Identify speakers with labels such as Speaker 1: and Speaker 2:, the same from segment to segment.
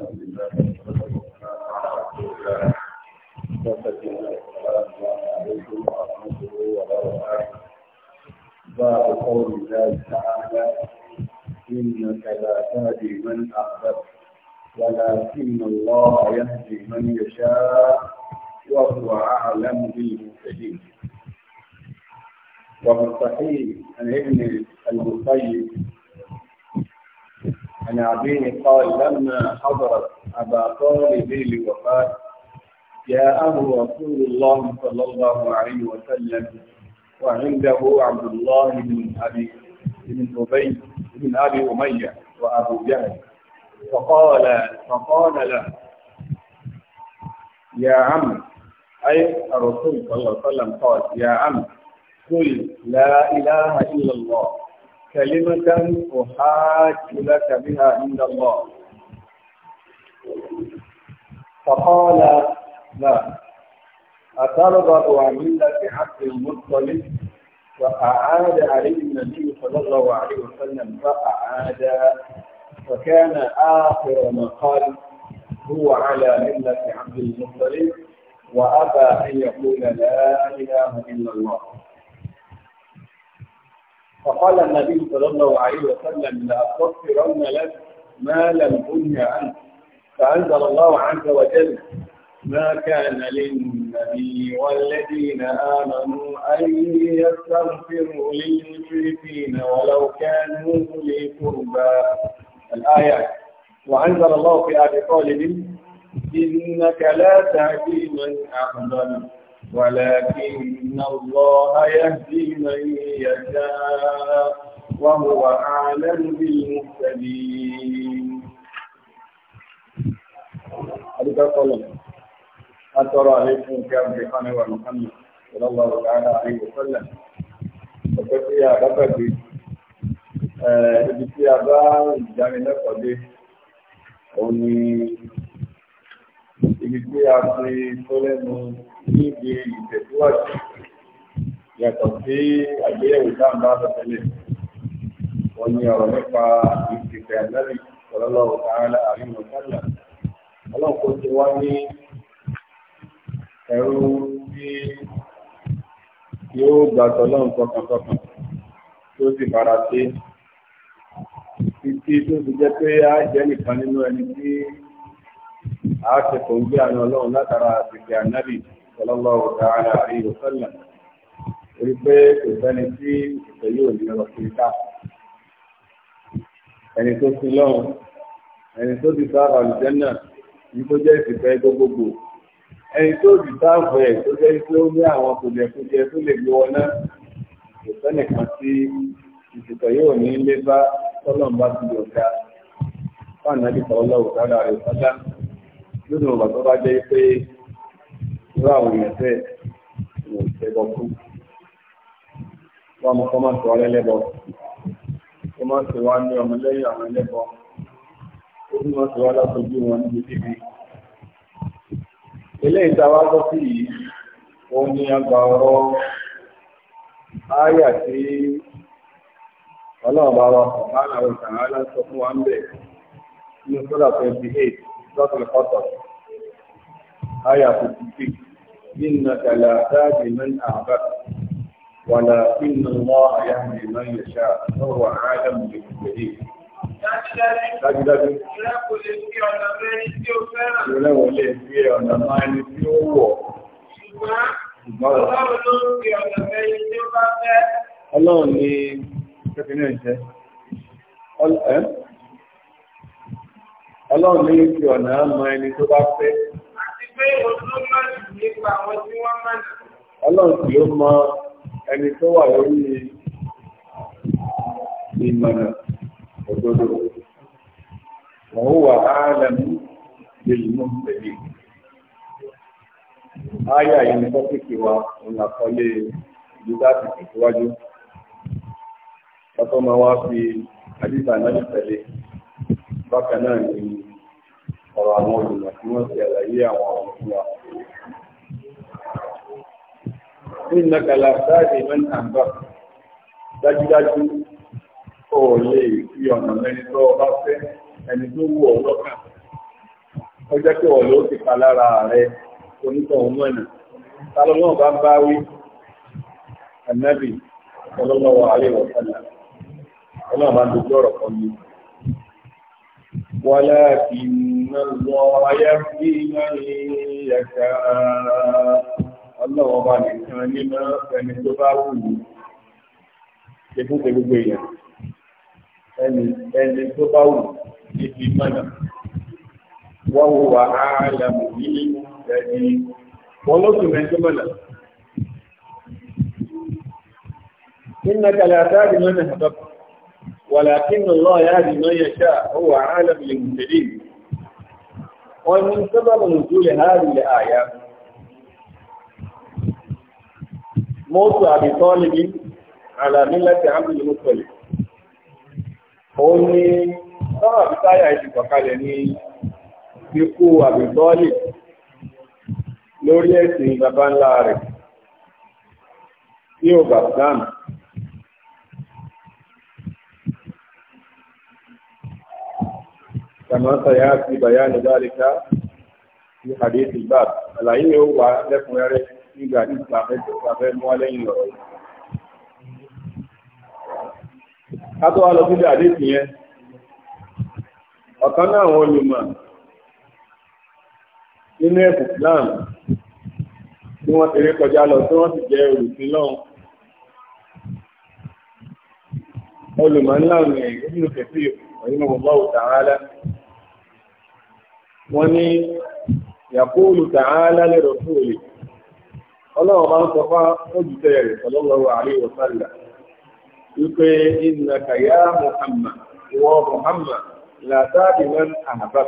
Speaker 1: الحمد لله باب قول الله تعالى إنك لا تهدي من أحببت ولكن الله يهدي من يشاء وهو أعلم بالمهتدين ومن صحيح عن ابن المسيب عن أبيه قال لما حضرت أبا طالب لوفاة جاءه رسول الله صلى الله عليه وسلم وعنده عبد الله بن أبي بن أبي بن أبي أمية وأبو جهل فقال فقال له يا عم أي الرسول صلى الله عليه وسلم قال يا عم قل لا إله إلا الله كلمة أحاج لك بها عند الله فقال لا أترضى عن ملة عبد المطلب فأعاد عليه النبي صلى الله عليه وسلم فأعاد فكان آخر ما قال هو على ملة عبد المطلب وأبى أن يقول لا إله إلا الله فقال النبي صلى الله عليه وسلم لأستغفرن لك ما لم أنه عنك فأنزل الله عز وجل ما كان للنبي والذين آمنوا أن يستغفروا للمشركين ولو كانوا أولي قربى الآية وأنزل الله في ابي طالب إنك لا تهدي من أحببت ولكن الله يهدي من يشاء وهو أعلم بالمهتدين أدوك صلى أترى عليكم كام في قنوة صلى الله تعالى عليه وسلم وكفي يا ربك ibi a bá ìdánilẹ́kọ̀ọ́ òun ni ibi tí a fi tó lẹ́nu níbi ìtẹ̀síwájú yàtọ̀ sí àgbéyẹ̀wò dáńbà lọ́tẹ̀lẹ̀ wọ́n ní ọ̀rọ̀ nípa ìsìnkú ànábì sallallahu ta'ala alaihi wa sallam ọlọ́pọ̀ ti wá ní ẹ̀rú tí yóò gbà tọ́lọ́run tọkàntọkàn tó sì fara sí títí tó fi jẹ́ pé á jẹ́ nìkan nínú ẹni tí a ti kò ń gbé àná ọlọ́run látara àtìkè ànábì sallallahu ta'ala alayhi wa sallam orí pé kò sẹ́ni tí ìfẹ́ yóò ní ọ̀rọ̀ sí ká ẹni tó sin lọ́run ẹni tó ti sáà àlùjẹ́nà ní tó jẹ́ ìfẹ́ gbogbogbò ẹni tó ti sáà ẹ̀ tó jẹ́ pé ó ní àwọn kòjẹ̀kòjẹ tó lè gbé wọn náà kò sẹ́ni kan tí ìfẹ́ yóò ní ilé bá tọ́lọ́n bá ti yọ̀ọ̀ká fáànà ìfọwọ́lọ́wọ́ dáadáa rẹ̀ sọ́dá lónìí ọ̀gbà tó bá jẹ́ pé irú àwọn èèyàn bẹ́ẹ̀ ni ò ṣẹbọ kú wọn kọ́ máa sọ ọ́ lẹ́lẹ́bọ kó máa sọ wá ní ọmọ lẹ́yìn àwọn ẹlẹ́bọ ó sì máa sọ wá látọjú wọn níbi bíbí eléyìí tá a wá gbọ́ sí yìí òun ni àgbà ọ̀rọ̀ áyà tí ọlọ́run bá wa kọ̀ máa làwọn ìtàn aláṣọ fún wa ń bẹ̀ nínú sọ́dà twenty eight lọ́sọ̀lẹ̀ kọ́tọ̀ áyà fifty إنك لا تهدي من أحببت ولكن الله يهدي من يشاء وهو عالم بالمهتدين Dájúdájú. Ìrẹ́wò lè fi ọ̀nà mẹ́rin tí ó fẹ́ràn. Ìrẹ́wò lè fi ọ̀nà mẹ́rin tí ó wọ̀. Ṣùgbọ́n, ọlọ́run ló ń fi ọ̀nà mẹ́rin tí ó bá fẹ́. Ọlọ́run ni kẹ́kẹ́ náà jẹ́. Ọlọ́run ní fi ọ̀nà mọ ẹni tó bá fẹ́ pé ojú máa jù nípa àwọn tí wọ́n máa jù. Ọlọ́run tí ó mọ ẹni tó wà lórí ìmọ̀nà òdodo. Wọ́n wà áàlẹ̀mú lèlùmọ́ pẹ̀lú. Áyà yìí ni tọ́pìkì wa òun àkọlé ìlú láti tẹ̀síwájú. Ọkọ̀ máa wá fi àdìsá náà tẹ̀lé. Bákan náà ni ọ̀rọ̀ àwọn olùmọ̀ tí wọ́n ti àlàyé àwọn ọ̀rọ̀ fún wa. Nínú kàlà sáàdì mẹ́ni àgbà dájúdájú ó lè fi ọ̀nà mẹ́ni tó ọba fẹ́ ẹni tó wù ọ́ lọ́kàn. Ó jẹ́ pé ọ̀lọ́ ti pa lára rẹ onítọ̀hún mọ̀nà. Tálọ́mọ́ bá ń bá wí Ànábì sallallahu alaihi wa sallam. Ọlọ́run bá ń dojú ọ̀rọ̀ kan yìí. ولكن الله يهدي من يشاء ọlọ́wọ́ ọba nìkan ní máa fẹni tó bá wù ú ṣekúṣe gbogbo èèyàn ẹni ẹni tó bá wù ní fi mọ́nà wọ́n wò wá áàlàmù yìí ẹni wọ́n ló sì mẹ́jọ mọ́nà. nínú ẹ̀ka lè àtàrí mọ́nà àbábọ̀ ولكن الله يهدي من يشاء هو عالم للمهتدين ومن سبب نزول هذه الآية موت أبي طالب على ملة عبد المطلب òun ni sọ́rọ̀ bí táyà ìṣùpọ̀kalẹ̀ يقوى ikú Abi Talib lórí ẹ̀sìn bàbá ńlá rẹ̀ كما سيأتي بيان ذلك في حديث الباب العلم هو لكم يرى في حديث الأخير الأخير موالين لغاية Kátó wá lọ sí àdéhùn yẹn, ọ̀kan ẹ̀kùn Islam tí wọ́n ti rí kọjá lọ tí wọ́n sì jẹ́ olùsìn lọ́hùn. Olùmọ̀ ńlá kẹfì ọ̀yìn wọ́n ní yàkúlù tààlà lè rọ̀ fún òlè ọlọ́run máa ń sọ fá ojútẹ́ rẹ̀ sọlọ́lọ́wọ́ àríwọ̀ sálà wípé iná kàyà muhammad ìwọ muhammad látàbí mẹ́rin àhàbà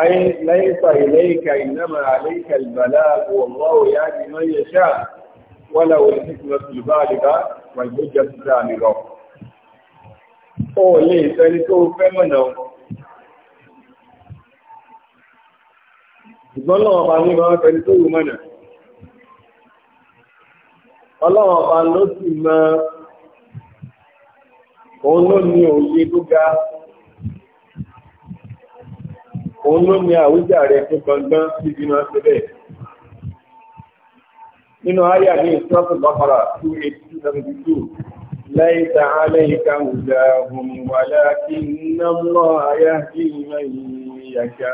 Speaker 1: ayé lẹ́yìnfà ìlẹ́yìnkà ìnáma àlẹ́yìnkà ìbàlá wọ̀lọ́wọ́ yá ni wọ́n ṣáà wọ́lá wọ́n ti fi àdìbá wà ìgbójẹ́ sí sáà nìrọ̀ ó lè sẹ́ni tó fẹ́ mọ̀nà wọn ṣùgbọ́n lọ́wọ́ bá ní máa fẹni tó wù mọ́nà ọlọ́wọ́ bá ló sì mọ òun ló ní òye tó ga òun ló ní àwíjàre tó gbọngbọ́n síbi náà ṣe bẹ́ẹ̀ nínú àyà ní ìṣọ́pù bọ́kọ̀rọ̀ 2872 lẹ́yìn tààlẹ́ ìka òjà ohun wà láti náà lọ́ àyà ìmọ̀ ìyàkà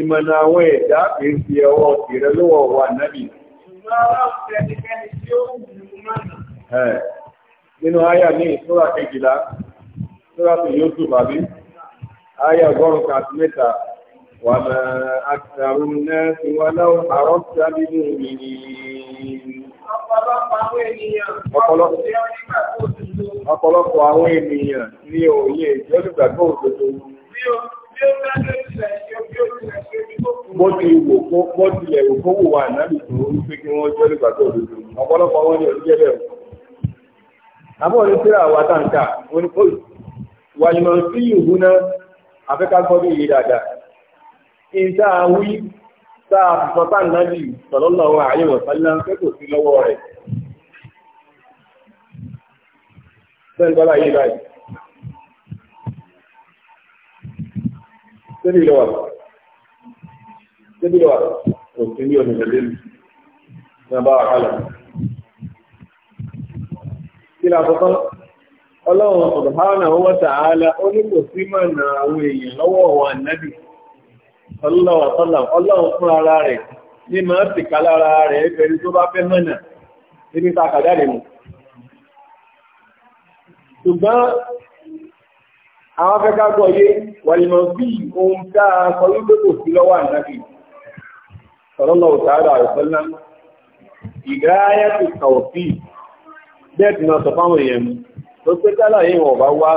Speaker 1: Ìmọ̀nà àwọn ẹ̀dá kìí sí ọwọ́ ìrẹ lọ́wọ́ wà náàbì. Nínú ayà ní ìṣúra kejìlá, ṣúra tó yóò tó bàbí, ayà ọgọ́rùn kan àti mẹ́ta, wà máa àtàrù náà ti wà láwọn àrọ́pùtà nínú ìrìn. Ọ̀pọ̀lọpọ̀ ọ̀pọ̀lọpọ̀ ọ̀pọ̀lọpọ̀ àwọn ènìyàn ní òye ìjọ́lùgbàgbọ́ òdodo. Bó ti wò kó bó tilẹ̀ wò kó wò wà náàbì tó ń pé kí wọ́n jọ́lùgbàgbọ́ òdodo. Ọ̀pọ̀lọpọ̀ wọn ni ò jẹ́ bẹ̀rù. Àbọ̀ ní síra wa táǹkà, wọ́n ni kóyì. Wà ní màá sí ìhú náà, àfẹ́ká gbọ́ bí iye dáadáa. Ìta àwí, tá a fọ́tà náà bì sọ̀lọ́lọ́wọ́ àyẹ̀wò sálẹ́ pé kò sí lọ́wọ́ rẹ̀. bẹ́ẹ̀ bá láyé báyìí débi lọ́wọ́ débi lọ́wọ́ òkè ní ọ̀nà ìrẹ̀lẹ́ mi náà bá wà kálẹ̀ kí la kọ́kọ́ ọlọ́run subhanahu wa ta'ala ó ní kò sí mọ̀ nà àwọn èèyàn lọ́wọ́ wa nábì ọlọ́run fún ara rẹ̀ ní máa ń tìkálára rẹ̀ ẹgbẹ̀rin tó bá fẹ́ mọ̀nà níbi tá a kàdáre mọ̀ ṣùgbọ́n àwọn afẹ́ká gbọ́ yé wàlìmọ̀ sí ohun tá a sọ wípé kò sí lọ́wọ́ ànábì sọ̀rọ̀lọ́ òtàrà àìsọ́lá ìgbáyé ti kàwọ̀ sí bẹ́ẹ̀tì náà sọ fáwọn èèyàn mú tó pé tálà yìí wọ̀n bá wá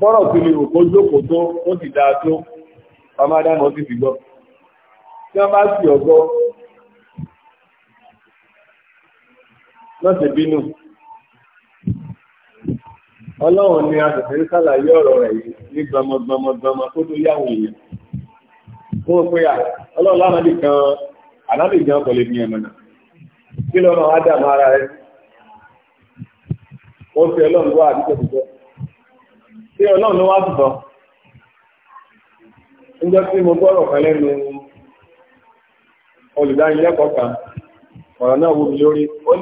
Speaker 1: bọ́rọ̀ sí ni òkó jókòó tó ó sì dáa tó pamádánà ó sì fi gbọ́ tí wọ́n bá sì ọgbọ́ lọ́sẹ̀ bínú ọlọ́run ni a tẹ̀sẹ̀ ń sàlàyé ọ̀rọ̀ rẹ̀ yìí ní gbọmọgbọmọgbọmọ tó tó yáwọn èèyàn fún pé à ọlọ́run lánàbì kan ànábì kò lè fi kí lọ́nà ara rẹ̀ ó fi ọlọ́run wá àdúgbò tí ọlọ́run ló wá mo gbọ́rọ̀ kan lẹ́nu kan ọ̀rọ̀ náà wù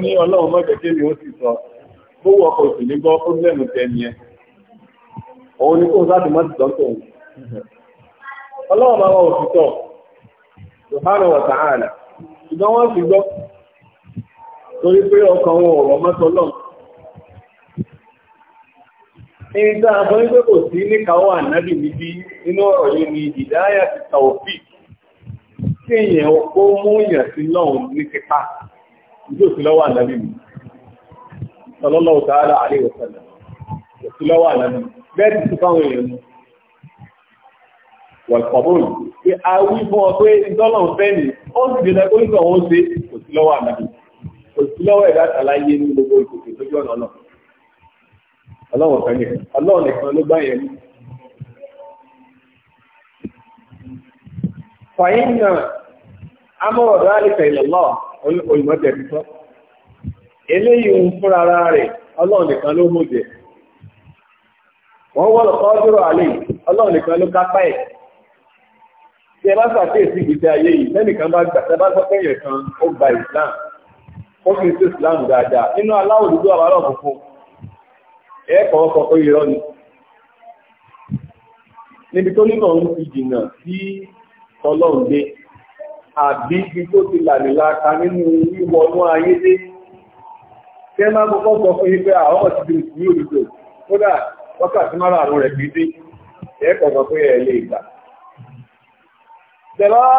Speaker 1: mí sọ tó wọ ọkọ̀ òsì ní gbọ́ pọ́blẹ́mù tẹni ẹ òun ni kó o láti mọ́tì lọ́tọ̀ òun ọlọ́wọ́ bá wọ òsìtọ̀ subhanahu wa ta'ala ṣùgbọ́n wọ́n fi gbọ́ torí pé ọkàn wọn ọ̀rọ̀ mọ́tọ́ lọ́n Ìyìn tí a sọ wípé kò sí ní káwọ́ ànábì níbi inú ọ̀rọ̀ yìí ni ìdáyà ti tàwọ̀fì kí èèyàn ó mú èèyàn sí lọ́hùn ní tipa ìjọ́ sí lọ́wọ́ ànábì mi sallallahu ta'ala alaihi wa sallam òsì lọ́wọ́ àlànà bẹ́ẹ̀ ti tún fáwọn èèyàn mu wà ìpàbóòlù pé a wí fún ọ pé ìdọ́lọ̀ ń fẹ́ nì ó sì dé lẹ́kọ́ nígbà wọn ṣe òsì lọ́wọ́ àlànà òsì lọ́wọ́ ẹ̀dá àtàláyé ní gbogbo ìkòkè lójú ọ̀nà Eleyi ń fúnra ara rẹ̀ ọlọ́run nìkan ló mú jẹ wọ́n wọ́n lọ́kọ́ dúró àlè ọlọ́run ló kápá ẹ̀ tí ẹ bá ṣàkíyèsí ayé yìí lẹ́nìkan bá gbà bá pé èèyàn kan ó gba Islam ó fi sí nínú aláwọ̀ dúdú àbálọ̀ funfun ẹ pé irọ́ ni níbi tó nínú ọ̀hún ti sí ọlọ́run dé àbí ibi tó ti nínú wíwọnú ayé dé kẹ́ máa kọ́kọ́ sọ fún yí pé àwọn ti di ìsinmi òdúdó kódà wákàtí máa ràrùn rẹ̀ gbídé ẹ̀kọ̀ sọ pé lè gbà.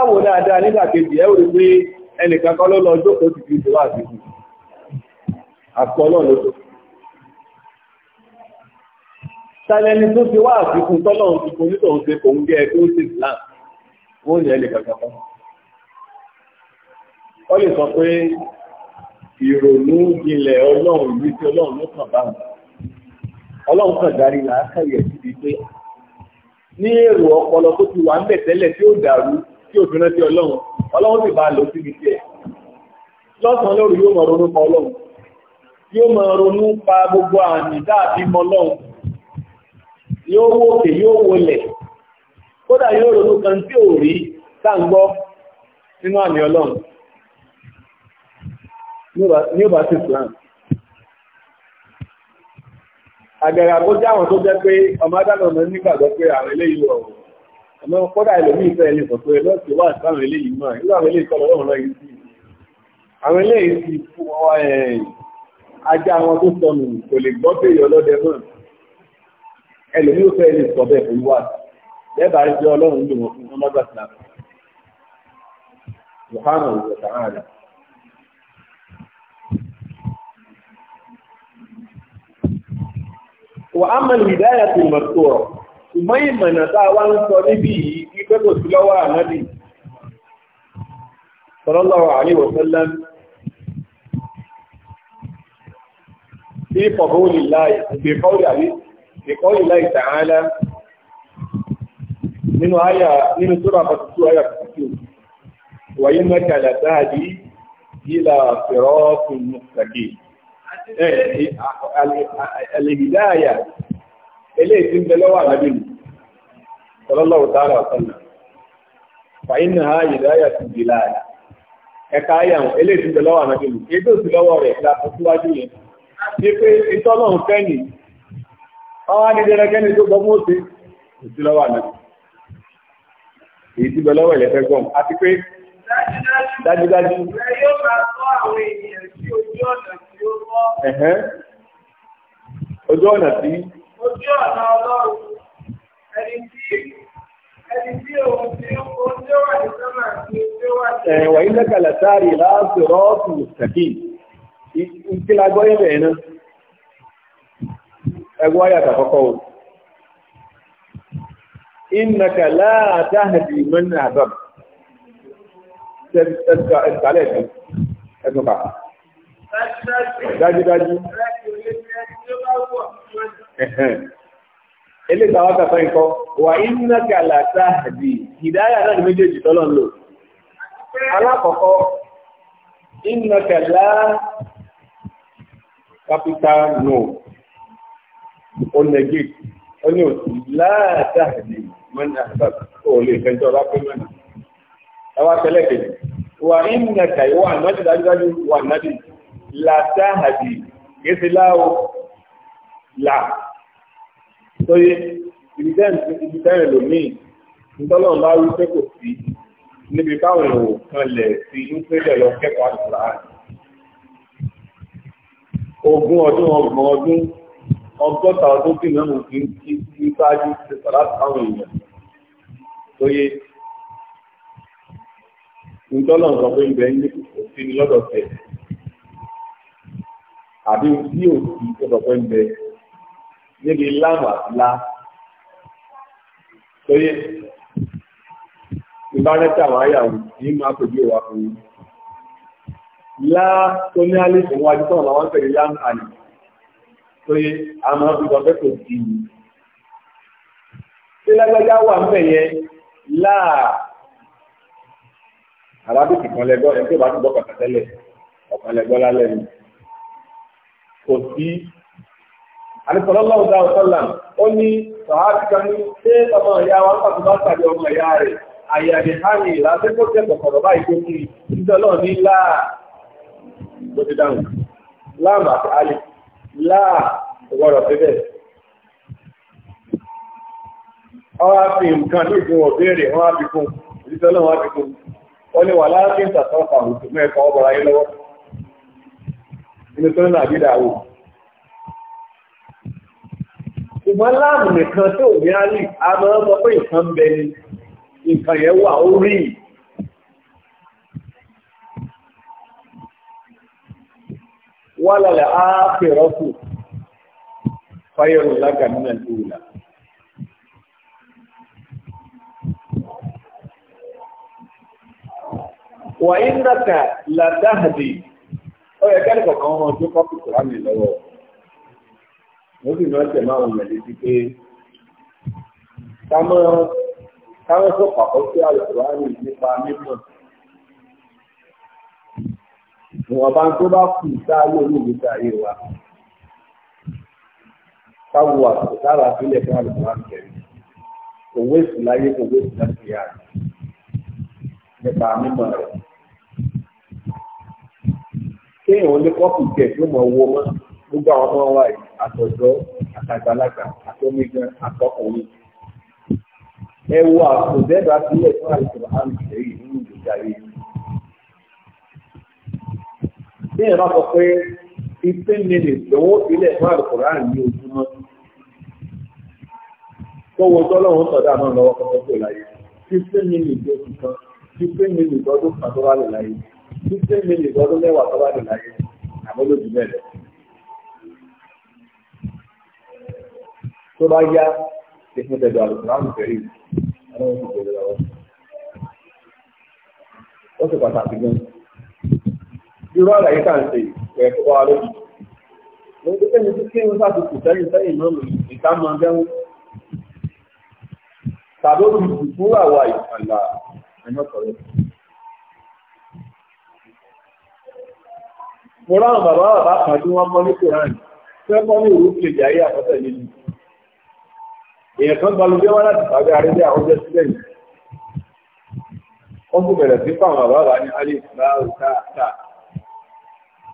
Speaker 1: wò dáadáa nígbà kejì rí pé ẹnìkan kọ́ ló lọ jókòó ti fi ló tó. tó ti wá àfikún tọ́lọ̀ ń nítorí ìrònú jinlẹ̀ ọlọ́run yìí tí ọlọ́run ló kàn bá wọn ọlọ́run kàn darí làákàyè síbi pé ní èrò ọpọlọ tó ti wà ń bẹ̀ tí ó dàrú tí òfin rántí ọlọ́run ọlọ́run sì a lọ síbi tiẹ̀ lọ́sàn-án lóru yóò ronú pa ọlọ́run yóò máa ronú pa gbogbo àmì dáàbí mọ ọlọ́run yóò yóò wọlẹ̀ kódà yóò ronú kan tí ò rí sáà ń ní ó bá sí Islam àgbẹ̀rẹ̀ àbójá àwọn tó jẹ́ pé ọmọ adáná ọmọ nígbàgbọ́ pé àwọn eléyìí rọ̀ ọmọ kódà ẹlòmíì fẹ́ ẹni sọ pé lọ́ọ̀sì wà sáwọn eléyìí náà irú àwọn eléyìí sọ lọ́wọ́ lọ́yìn sí àwọn eléyìí ti fún ọ ajá àwọn tó sọnù kò lè gbọ́ pé ìyọlọ́dẹ náà ẹlòmíì fẹ́ ẹni sọ bẹ́ẹ̀ fún wà lẹ́bàá rí pé ọlọ́run lò wọ́n fún ọmọdé àti وأما الهداية المذكورة وما يمنع أتى وان صلي سلوى النبي صلى الله عليه وسلم في قول الله في قول في الله تعالى من آية من سورة آية وإنك لتهدي إلى صراط مستقيم Eh, alìhìdáyà eléyìí tí ń bẹ lọ́wọ́ àrẹ́bì sallallahu ta'ala wa sallam fa innaha hìdáyà ti di láàyà ẹ̀ka ayàwó eléyìí tí ń bẹ lọ́wọ́ àrẹ́bì kéjì òsì lọ́wọ́ rẹ̀ láti síwájú yẹn ní pé ìtọ́lọ́hún fẹ́ni ọwọ́ adídẹ́rẹ́kẹ́ni tó gbọ́ mọ́ọ̀sí òsì ojú ọ̀nà tí. ojú ọ̀nà ọlọ́run ẹni tí ẹni tí òun tí ó ń tó wà ní sọ́mà tí ó tó wà ní. ẹ̀wà ilẹ̀ kàlàtàrí láti rọ́ọ̀tù sàkí ìtí la gbọ́ yẹn bẹ̀rẹ̀ náà ẹgbọ́ ayàtà kọ́kọ́ o. innaka la tahdi man ahbab. Ẹ̀sùn kàlẹ̀ ẹ̀sùn ẹ̀sùn kàlẹ̀. dájúdájú. Ilé ìtàwà kàfẹ́ ikọ́, wà iná kàlà sáàdì, ìdáyà náà ni méjèèjì tọ́lọ̀ ń lò. Alákọ̀ọ́kọ́, iná kàlà capital no, ó negate, ó ní òtù láàdáàdì mọ́nà àbábà, ó lè fẹ́jọ́ bá pé látàhàdì kéèsì láwọ́ là sóyé ìdíjẹ́rìn lòmí ìtọ́lọ́run bá rí pé kò sí níbi báwọn èrò kan lẹ̀ sí ìpínlẹ̀ lọ kẹ́kọ̀ọ́ àtìlá ogún ọdún ọgbọ̀n ọdún ọgọ́ta ọdún bí mẹ́rin fi ń kí ní sáájú sọ pé ibẹ̀ ní kò sí lọ́dọ̀ tẹ̀lé àbí tí ò sí tó sọ pé ń bẹ níbi láàmù àti lá lóye ìbárẹ́tì àwọn ayàwó ní máa pèjú ìwà fún yín lá tó ní alẹ́ fún wájú tó àwọn àwọn tẹ̀lé láàmù àlè lóye àmọ́ ìgbà pé kò sí yìí tí lágbájá wà ń bẹ̀ yẹn láà arábìkì kan lẹ́gbọ́n ẹni tó bá ti gbọ́ kàkà tẹ́lẹ̀ ọ̀kan lẹ́gbọ́n lálẹ́ ni kò sí. Àdìsọ̀lọ́lọ́ ọ̀dà ọ̀sọ́là ó ní sọ̀hátìkà ní ṣé ọmọ ìyá wa ń pàtó bá pàdé ọmọ ìyá rẹ̀ àyàdì hàní ìlàsẹ́ tó jẹ́ kọ̀kọ̀rọ̀ báyìí tó kí ìdọ́lọ́ ní láà ló ti dáhùn láàmà àti alì láà ìdíjọ́ náà ní wà láàrín tàtọ́ inú tó ń lọ àbí ìdàwó. ṣùgbọ́n láàmù nìkan tó ní àlì a máa ń sọ pé nǹkan ń bẹ ni nǹkan yẹn wà ó rí i. wálàlẹ̀ á fèrọ́ kù fáyọ̀rù lágàmì náà ti wùlà. وإنك لتهدي ó yẹ kẹ́lẹ́ ọmọ tó kọ́pù tó rámì mo sì máa ń tẹ̀ máa pé kámọ́ kámọ́ tó pàpọ̀ sí àlùkùránì nípa mímọ̀ ìwọ̀nba tó bá kù sááyé olóògbé ayé wa káwọ àtúntò sára sílẹ̀ fún àlùkùránì kẹrin òwe sì láyé òwe sì láti yára nípa mímọ̀ rẹ̀ kéèyàn ó ní kọ́ọ̀pù jẹ tó mọ̀ owó mọ́ gbogbo àwọn ọmọ wa yìí àtọ̀dọ́ àtàgbàlagbà àtọ́mígbà àtọkùnrin ẹ wo àtòdẹ́gbà sílẹ̀ fún àìsàn àmì ìṣẹ́yìn nínú ìgbésí ayé yìí. Bẹ́ẹ̀ bá sọ pé fifteen minutes lòun ó sílẹ̀ fún àlùkòrán ní ojúmọ́. Tọ́wọ́ tọ́lọ́run sọ̀dá náà lọ́wọ́ kọ́kọ́ tó láyé. fifteen minutes oṣù kan fifteen minutes ọdún kan láyé. fifteen minutes ọdún a tó bá dùn láyé àmọ́lódì bẹ́ẹ̀ lọ. tó bá yá ìfún tẹ̀dọ̀ àlùkò láàmú fẹ̀rí ọdún oṣù tó lọ́wọ́. ó ṣe pàtàkì gan-an. irú àlàyé tá à ń ṣe ìpẹ́ kó wá lójú. mo ń mo ráwọn bàbá bàbá kan wọn wọ́n ní kòránì tí wọ́n ní ìlú kejì ayé àkọ́tẹ̀ nínú èèyàn kan gbalu bí wọ́n láti àwọn jẹ́ sílẹ̀ yìí wọ́n bẹ̀rẹ̀ sí bàbá bàbá ní alẹ́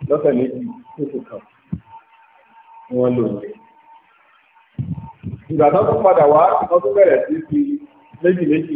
Speaker 1: lọ́sẹ̀ méjì wọ́n lò wọ́n ìgbà tó padà wá wọ́n bẹ̀rẹ̀ sí fi méjì méjì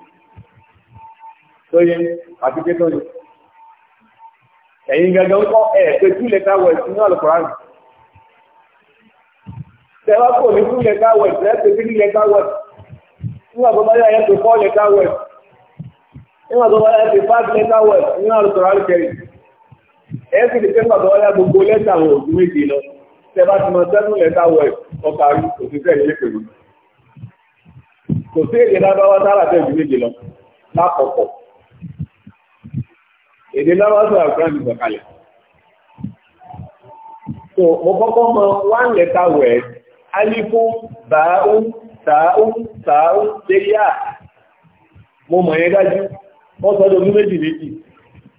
Speaker 1: lóye àti pé tó ní. ẹ̀yin gẹ́gẹ́ ń kọ́ ẹ̀ pé two letter word ní alukoran. tẹ́wá kò ní two letter word lẹ́sẹ̀ three letter word nígbà tó bá yà yẹn pé four letter word nígbà tó bá yà pé five letter word ní alukoran kẹrin. ẹ̀ sì ní pé nígbà tó bá yà gbogbo lẹ́tà wọn ò ju méje lọ tẹ́bá ti mọ seven letter word ọkà rí òṣìṣẹ́ ilé kò sí èdè lábáwá sára tẹ̀ ju méje lọ lákọ̀ọ̀kọ̀ èdè lábásọ̀ àkùránì sọ̀kalẹ̀ so mo kọ́kọ́ mọ one letter word alifu ba'u ta'u ta'u seya mo mọ̀ yẹn dájú wọ́n sọ́dọ̀ oní méjì méjì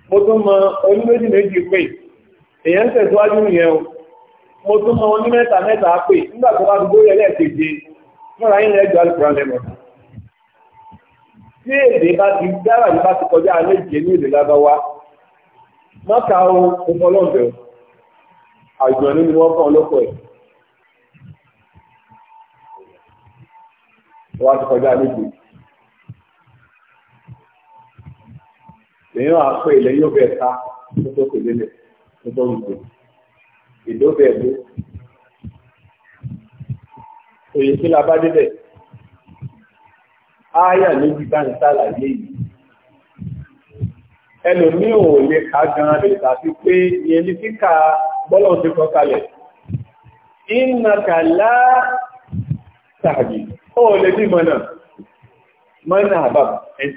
Speaker 1: mo tún mọ oní méjì méjì pé èèyàn tẹ̀síwájú yẹn o mo tún mọ oní mẹ́ta mẹ́ta pé nígbà tó bá gbogbo yẹn lẹ́ẹ̀keje fúnra yín lẹ́jọ́ alùpùpù lẹ́nu tí èdè bá ti dára ní bá ti kọjá méje ní èdè lábáwá mọ́ta o mo fọ́ lọ́ọ̀dẹ̀ àjọ̀nú ni wọ́n kàn lọ́pọ̀ ẹ̀ wọ́n á ti kọjá méje lèyìn àpò ilẹ̀ yóò bẹ̀ ta tó tó kò lélẹ̀ tó tó ń gbò ìdó bẹ̀ bó òye kí la bá débẹ̀ ááyà méjì bá ń sàlàyé yìí ẹlòmí ò lè ká gan lè tàbí pé ìyẹn ní kíkà bọ́lọ̀ ti kọ́ kalẹ̀ ìnàkà ó lè bí mọ́nà mọ́nà àbábà ẹni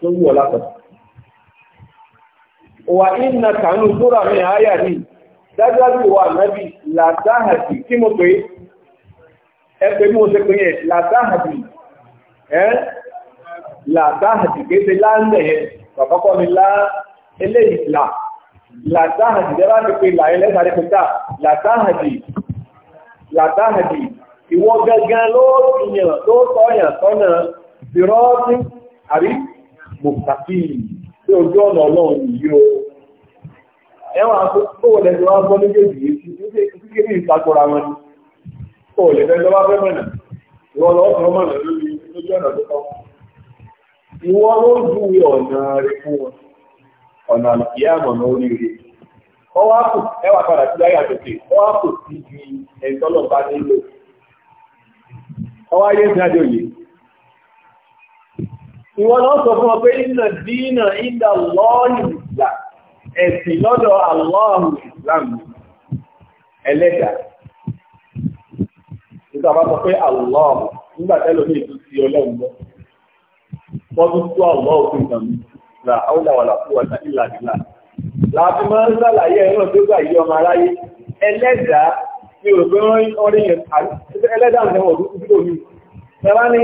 Speaker 1: tó wọ̀ látàrí wà ìnàkà ń mi àáyà ní wà kí mo pé ẹ pé mo ṣe pé yẹn ẹ́ làdáhàdì kéde láńlẹ̀ yẹn kọ̀kọ́kọ́ ni lá eléyìí là làdáhàdì lẹ́bà ti pe là ẹlẹ́sàdé pé tá làdáhàdì làdáhàdì ìwọ gangan ló yàn tó sọyàn sọ́nà sírọ́ọ̀tì àrí mùsàkì tí ojú ọ̀nà ọlọ́run yìí o ẹwà kówó lẹ́sẹ̀ wá gbọ́ méjèèjì yìí sí kí ìtakora wọn ni kówó lẹ́sẹ̀ lọ́wọ́ fẹ́ mọ̀nà ìwọ lọ́wọ́ fẹ́ mọ̀nà lórí lójú ọ̀nà tó kọ́ ìwọ́n ló júwe ọ̀nà rẹ̀ fún wọn ọ̀nà àlùkí àmọ̀nà oríire ọwọ́ àpò ẹwà padà sí láyé àtẹ̀tẹ̀ ọwọ́ àpò sí ju ẹ̀ńtọ́lọ̀ bá nílò ọwọ́ ayé ń dájọ́ yìí ìwọ́n náà sọ fún ọ pé ìnà dínà ìdà lọ́ọ̀lù ìgbà ẹ̀sìn lọ́dọ̀ aláàrù ìsìlámù ẹlẹ́dà nígbà bá sọ pé aláàrù nígbà tẹ́lómi ìtúsí ọlọ́run lọ́wọ́ fọ́dún tó àwọn òfin kan ra áwùdáwàlà fún wàtà ìlà ìlà. Láti máa ń sàlàyé ẹ̀rọ tó gbà yí ọmọ aráyé, ẹlẹ́dàá ní òfin ọ̀rìn yẹn, ẹlẹ́dàá ní ọdún tó tó mi. Bàbá ní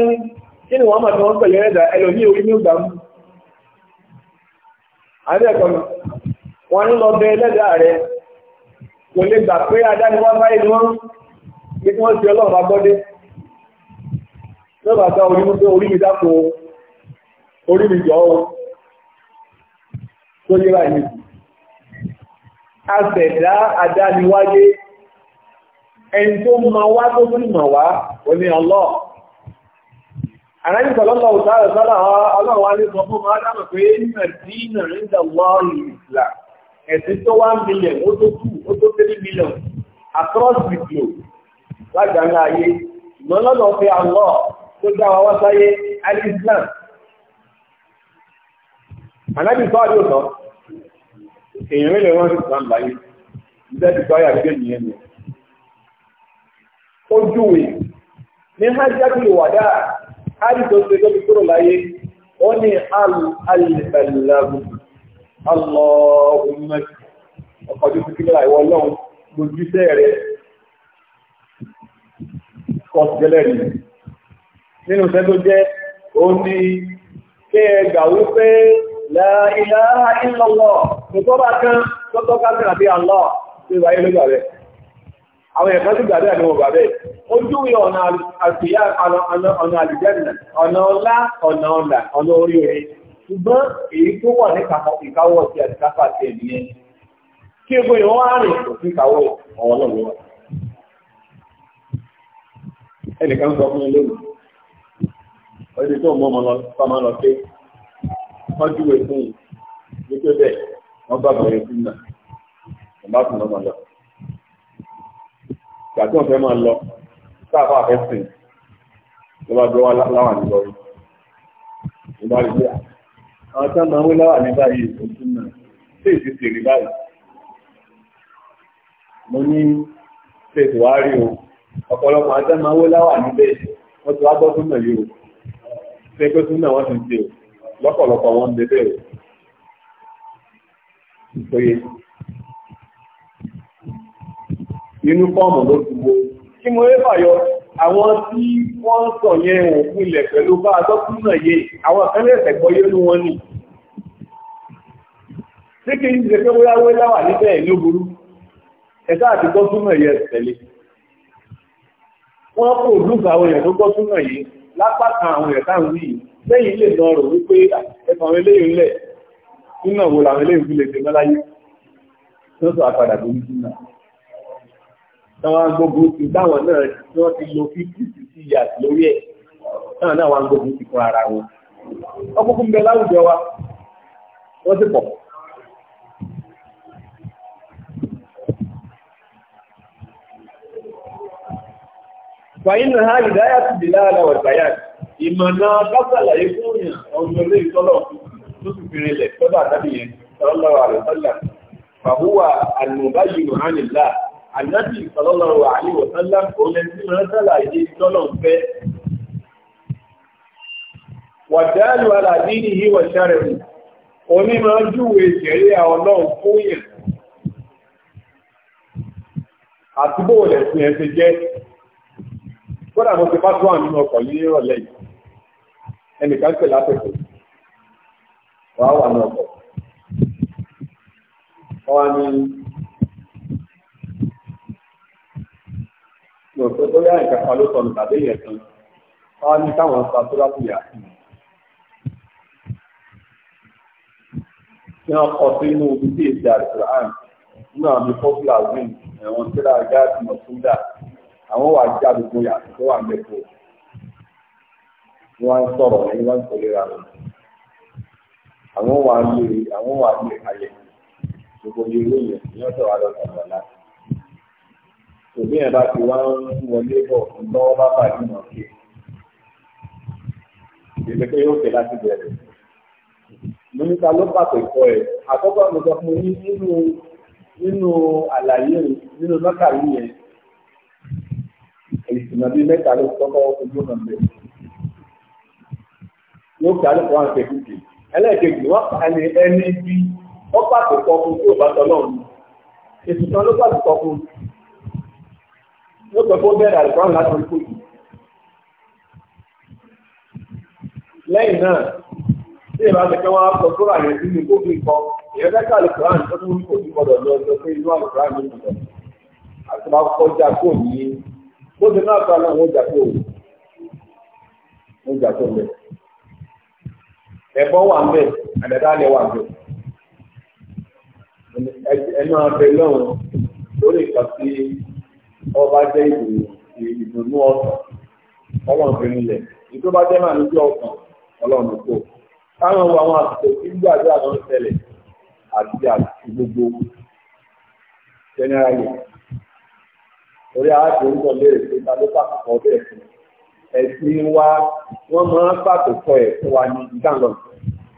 Speaker 1: kí ni wọ́n máa fi wọ́n pẹ̀lú ẹlẹ́dàá ẹlòmí orí ní ìgbà mú. Àbẹ́ ẹ̀kọ́ mi, wọ́n ń lọ bẹ ẹlẹ́dàá rẹ̀, kò lè gbà pé adániwá báyìí ni wọ́n gbé kí wọ́n ti ọlọ́run orí mi jọ ó tó yíra ìlú àṣẹ̀dá àdániwáyé ẹni tó ma wá tó tún mọ̀ wá òní ọlọ́ àrájìkọ̀ lọ́lọ́ òtàrà sọ́lá ọlọ́wà ní sọ fún adámà pé nínà dínà nígbà wọ́ọ̀lù ìsìlá ẹ̀sìn tó wá mílíọ̀n ó tó kù ó tó tẹ́lẹ̀ mílíọ̀n across ayé ìmọ̀lọ́lọ́ fi àlọ́ tó dá wá sáyé alìsílámù Ànábì sọ àdé òtọ́, èèyàn mélòó wọn sì sàn láyé, ìjẹ́ ti sọ́yà gbé nìyẹn nù. Ó júwe ní Hajjati Wàdà, Hajj tó ṣe tó fi kúrò láyé, ó ní Al-Alifalahu, Allahumma, ọkọ̀ tó fi kí láì wọ lọ́hùn, lójú iṣẹ́ rẹ̀, kọ̀ọ̀tẹ́lẹ̀ nìyẹn. Nínú iṣẹ́ jẹ́, ó ní kí ẹ gbà wípé láìláà ìlọ́lọ́ nìkọ́bà kan tó tọ́ka sí àbí àlọ́ tí ó wáyé lójú àbẹ́ àwọn ẹ̀kọ́ sí gbàdé àbí wọn ojú ọ̀nà àṣìyá ọ̀nà àlìjẹ́nà ọ̀nà ọlá ọ̀nà orí orí ṣùgbọ́n èyí tó wà ní sí sí tọ́jú wẹ̀ fún yìí wípé bẹ́ẹ̀ wọ́n bá bẹ̀rẹ̀ sí náà wọ́n bá tún lọ́mọ lọ. ìgbà tí wọ́n fẹ́ máa lọ sáàbà fẹ́ sìn ló bá dọ́wọ́ láwà ní lọ́rí. ló bá rí pé àwọn tí wọ́n máa ń wé láwà ní báyìí kò tún náà ṣé èsì sì rí báyìí. mo ní ṣètò wá rí o ọ̀pọ̀lọpọ̀ àti máa ń wé láwà níbẹ̀ wọ́n ti wá gbọ́ tún náà yìí o ṣé pé tún náà wọ́n ti ń ṣe o lọ́pọ̀lọpọ̀ wọn lè bẹ̀rẹ̀ ìpòye inú fọ́ọ̀mù ló ti wo kí mo rí fàyọ àwọn tí wọ́n sọ yẹn òkú ilẹ̀ pẹ̀lú bá adọ́kùn náà yé àwọn akẹ́lẹ̀ẹ̀sẹ̀ gbọ́ yé ló wọn ni tí kì í ṣe pé wọ́n yáwó láwà níbẹ̀ ìlú burú ẹ̀sá àti gbọ́ súnmọ̀ yẹ tẹ̀lé wọ́n kò lùgbà àwọn èèyàn tó gbọ́ súnmọ̀ yìí lápá kan àwọn èèyàn táwọn yìí lẹ́yìn lè lọ rò wípé ẹ̀fà àwọn eléyìn lẹ̀ nínú àwọn làwọn eléyìn fi lè dé mọ́láyé tó sọ àpàdà tó ní sínú àwọn ti náà tí wọ́n ti lo fífì sí sí ìyà lórí ẹ̀ ti ara wọn ìmọ̀nà kásàlàyé fún òyìn ọmọ ilé ìtọ́lọ̀ tó sì fi rinlẹ̀ tọ́lá àdábì yẹn sọlọ́lọ́wà rẹ̀ sọ́lá fàhúwà àlùmọ́báyì mọ̀hánìlá ànábì sọlọ́lọ́wà àníwọ̀ sọ́lá òun ẹni tí mọ̀ sàlàyé ìtọ́lọ̀ ń fẹ́ wàdálù alàdínì yìí wà ṣàrẹ̀mù oní máa júwe ìṣẹ̀rí ọlọ́run fún yẹn àtúbò rẹ̀ fún ẹ̀ ṣe jẹ́ ẹnìkan pè látẹ̀kọ̀ wàá wà ní ọkọ̀ wọ́n á ní lọ pé bóyá nǹkan kan ló sọnù tàbí yẹn kan wọ́n á ní káwọn sa tó bá fìyà sí i. wọ́n kọ sí inú ibi tí èsì àdìsíláàmù nínú àmì fọ́fúlà wíìn ẹ̀wọ̀n tíra gáàsì mọ̀túndà àwọn wà jáde gbóyà tó wà mẹ́kọ̀ọ́ wọ́n á sọ̀rọ̀ ní wọ́n á ra wọn. àwọn wà lè àwọn wà lè kalẹ̀ gbogbo ní ilé yẹn ní ọ̀sẹ̀ wà lọ́sẹ̀ ọ̀la. òbí yẹn bá ti wá ń wọlé bọ̀ lọ́wọ́ bá bà ní mọ̀ kí. ìdílé pé yóò fẹ́ láti bẹ̀rẹ̀. mo ló pàtó ìkọ ẹ̀ àkọ́kọ́ mi sọ fún mi nínú nínú àlàyé nínú lọ́kàrí yẹn. èsì náà ló kọ́kọ́ ojú ọ̀nà bẹ̀rẹ̀ yóò kí alẹ́ kọ́ àwọn akẹ́kọ̀ọ́ kì ẹlẹ́ẹ̀kejì wọ́n pa ẹni ẹni bí wọ́n pàtó kọ́ fún tí ò bá tọ́lọ́ ọ̀hún èsì kan ló pàtó kọ́ fún ló pẹ̀ fún bẹ́ẹ̀ àlùkò àwọn láti kú lẹ́yìn náà tí ìbá ti kẹ́ wọ́n á sọ sórí àyẹ̀ sínú ìgbógun ikọ̀ ìyẹn fẹ́ ká lùkọ́ àrùn tó tún kò sí bó ti náà kọ́ àwọn ọjà tó wò ó jà ẹ̀bọ wà ń bẹ̀ àdàdàlẹ̀ wà ń bẹ̀ ẹnu abẹ lọ́run lórí nǹkan tí ọba jẹ́ ìdùnnú ọ̀sán ọlọ́run fi nílẹ̀ ìtò bá jẹ́ màá níjọ́ ọ̀sán ọlọ́run kò káwọn wo àwọn àsìkò tí ń gbàdúrà lọ ń ṣẹlẹ̀ àti àti gbogbo generally orí aláṣẹ orúkọ léèrè pé ta ló pàtàkì ọbẹ̀ ẹ̀sìn wa wọ́n máa ń pàtó kọ ẹ̀ fún wa ní ìdáǹlọ́nù.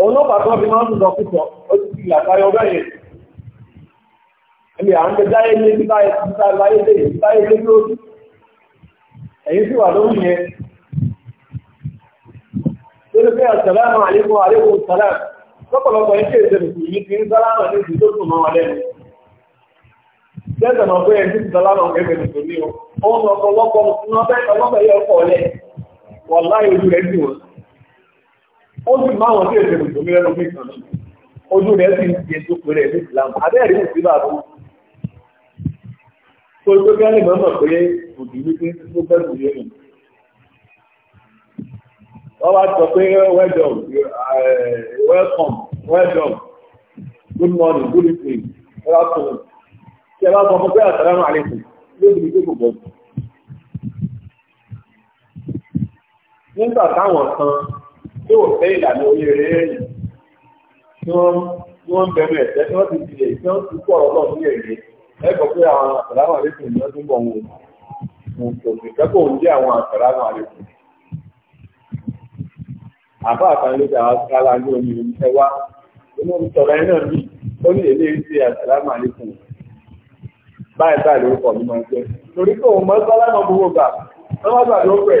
Speaker 1: onu ló bàtọ́ fi máa ń sọ púpọ̀ ó ti fi àtayọ bẹ́yẹn ẹni à ń gbé dáyé ní bíbá ìta láyé lè bíbá ilé lórí ẹ̀yìn sì wà lórí yẹn lórí pé àṣàlámù àlékún àlékún sàlámù lọ́pọ̀lọpọ̀ yín kí èsè nìkú yìí ti ń sálámù ní ìdí tó sùn mọ́ wọn lẹ́nu jẹ́sẹ̀ mọ̀ o ó sì máa wọn sí èdè mùsùlùmí lẹ́nu fún ìkànnì ojú rẹ̀ sì ń jẹ tó pé rẹ̀ ní Islam abẹ́rẹ́ ní sí bàbá tó tó gẹ́lẹ́ mọ́ mọ̀ pé òbí wípé tó bẹ́ẹ̀ bù yé mi wọ́n bá sọ pé well done eh, welcome good morning good evening good afternoon tí ẹ bá sọ fún pé àsàlámù àlékún lóbi ní gbogbo bọ́ọ̀lù nígbà táwọn kan tí ò fẹ́ ìlànà oríire ẹ̀yìn tí wọ́n ń bẹ̀rù ẹ̀sẹ̀ tí wọ́n ti tilẹ̀ tí wọ́n ti kú ọ̀rọ̀ náà ní èrè ẹ̀kọ́ pé àwọn àkàràmà àlékún ni wọ́n tún bọ̀ wọn òun kò sì kẹ́kọ̀ọ́ òun jẹ́ àwọn àkàràmà àlékún. àbá àkànlélógún àwọn sálá ní omi ìrìnsẹ̀ wá inú sọ̀rọ̀ ẹ̀ náà bí ó ní èlé ṣe àkàràmà àlékún báyìí báyìí lórúkọ mi máa ń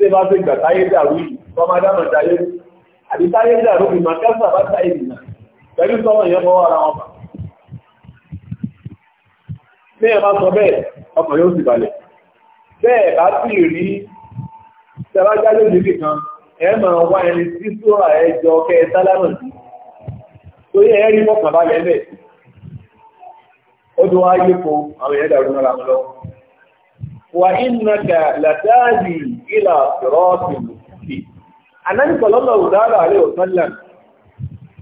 Speaker 1: tí bá fi gbà táyé dàrú yìí tọ́mọ adámọ̀ táyé àti táyé dàrú yìí máa kẹ́sà bá táyé nìyà pẹ̀lú tọ́mọ yẹn fọwọ́ ara wọn bà. bí ẹ bá sọ bẹ́ẹ̀ ọkàn yóò sì balẹ̀ bẹ́ẹ̀ bá sì rí sẹ́lájálẹ̀ níbi kan ẹ máa wá ẹni tí sóra ẹ jọ kẹ́ ẹ sálámà sí torí ẹ rí mọ́kàn balẹ̀ bẹ́ẹ̀ ó ti wá yípo àwọn èèyàn dàrú náà làwọn lọ wà ìnàkà làtáàdì ìlà ìrọ́ọ̀tì lùkì. Ànábìsọ̀lọ́lọ̀ òdára rẹ̀ òtọ́lá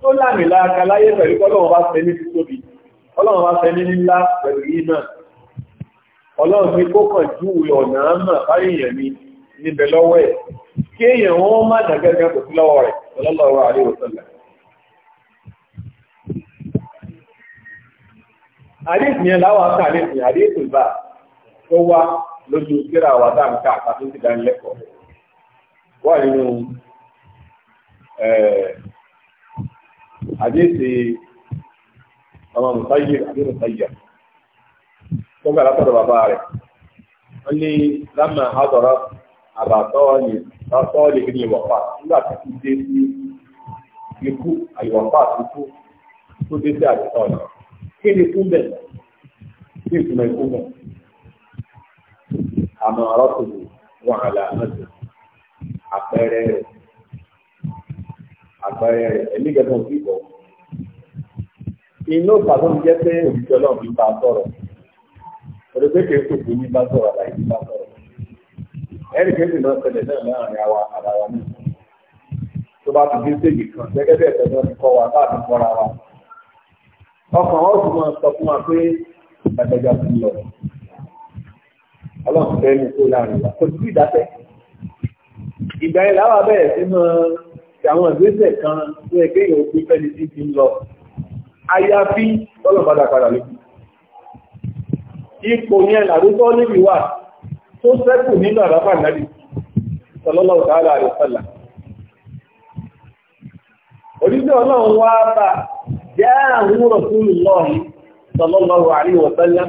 Speaker 1: tó láàmì láàka láyé pẹ̀lú ọlọ́run bá fẹ́ ní títóbi, ọlọ́run bá fẹ́ ní ńlá pẹ̀lú iná. Ọlọ́run ní kó kàn jú ọ̀nà àmà fáyìyàn ni níbẹ̀ lọ́wọ́ ẹ̀. Kí èèyàn wọn má dàgẹ́gẹ́ kò sí lọ́wọ́ rẹ̀ lọ́lọ́rọ̀ àrẹ òtọ́lá. Àdéhùn yẹn láwọn àkàlẹ́ ìsìn àdéhùn bá tó wá lójú kíra wa nke à ń ká àtàtú ti dá nílẹ́kọ̀ọ́ wà nínú ọmọ tó látọ̀dọ̀ bàbá rẹ̀ wọ́n ní lámà ní ìwọ̀pá nígbà dé sí ikú àtúntò tó dé sí kí ni kí ni àmọ́ ọlọ́kùnrin wọn àlà àmọ́tò àpẹẹrẹ rẹ̀ àpẹẹrẹ rẹ̀ ẹ̀mí gẹ́gẹ́ òbí bọ̀. inú pàtó ń jẹ́ pé òbíjọ́ náà fi bá a sọ̀rọ̀ olùgbékèé kò fún yín bá sọ̀rọ̀ àlàyé bá sọ̀rọ̀ ẹnì kejì náà ṣẹlẹ̀ náà láàrin àwa àdáwa náà tó bá ti dé séjì kan gẹ́gẹ́ bí ẹ̀sẹ̀ náà ti kọ́ wa bá ti kọ́ra wa ọkàn ọ̀sùn máa sọ fún wa pé ẹgbẹ́jà ti lọ ọlọ́run fẹ́ mú kó láàrin wa kò sí ìdáfẹ́. ìgbà yẹn láwa bẹ̀rẹ̀ sí mọ àwọn ìgbésẹ̀ kan tó yẹ kéèyàn òkú fẹ́ni tí ti ń lọ àyàfi tọ́lọ̀ padà padà lókù. ipò yẹn làrúkọ níbi wà tó sẹ́kù nínú àràfà nàbì sallallahu ta'ala alaihi wasallam. òdíjọ́ ọlọ́run wá bá jẹ́ àwọn Rasulullah sallallahu alaihi wasallam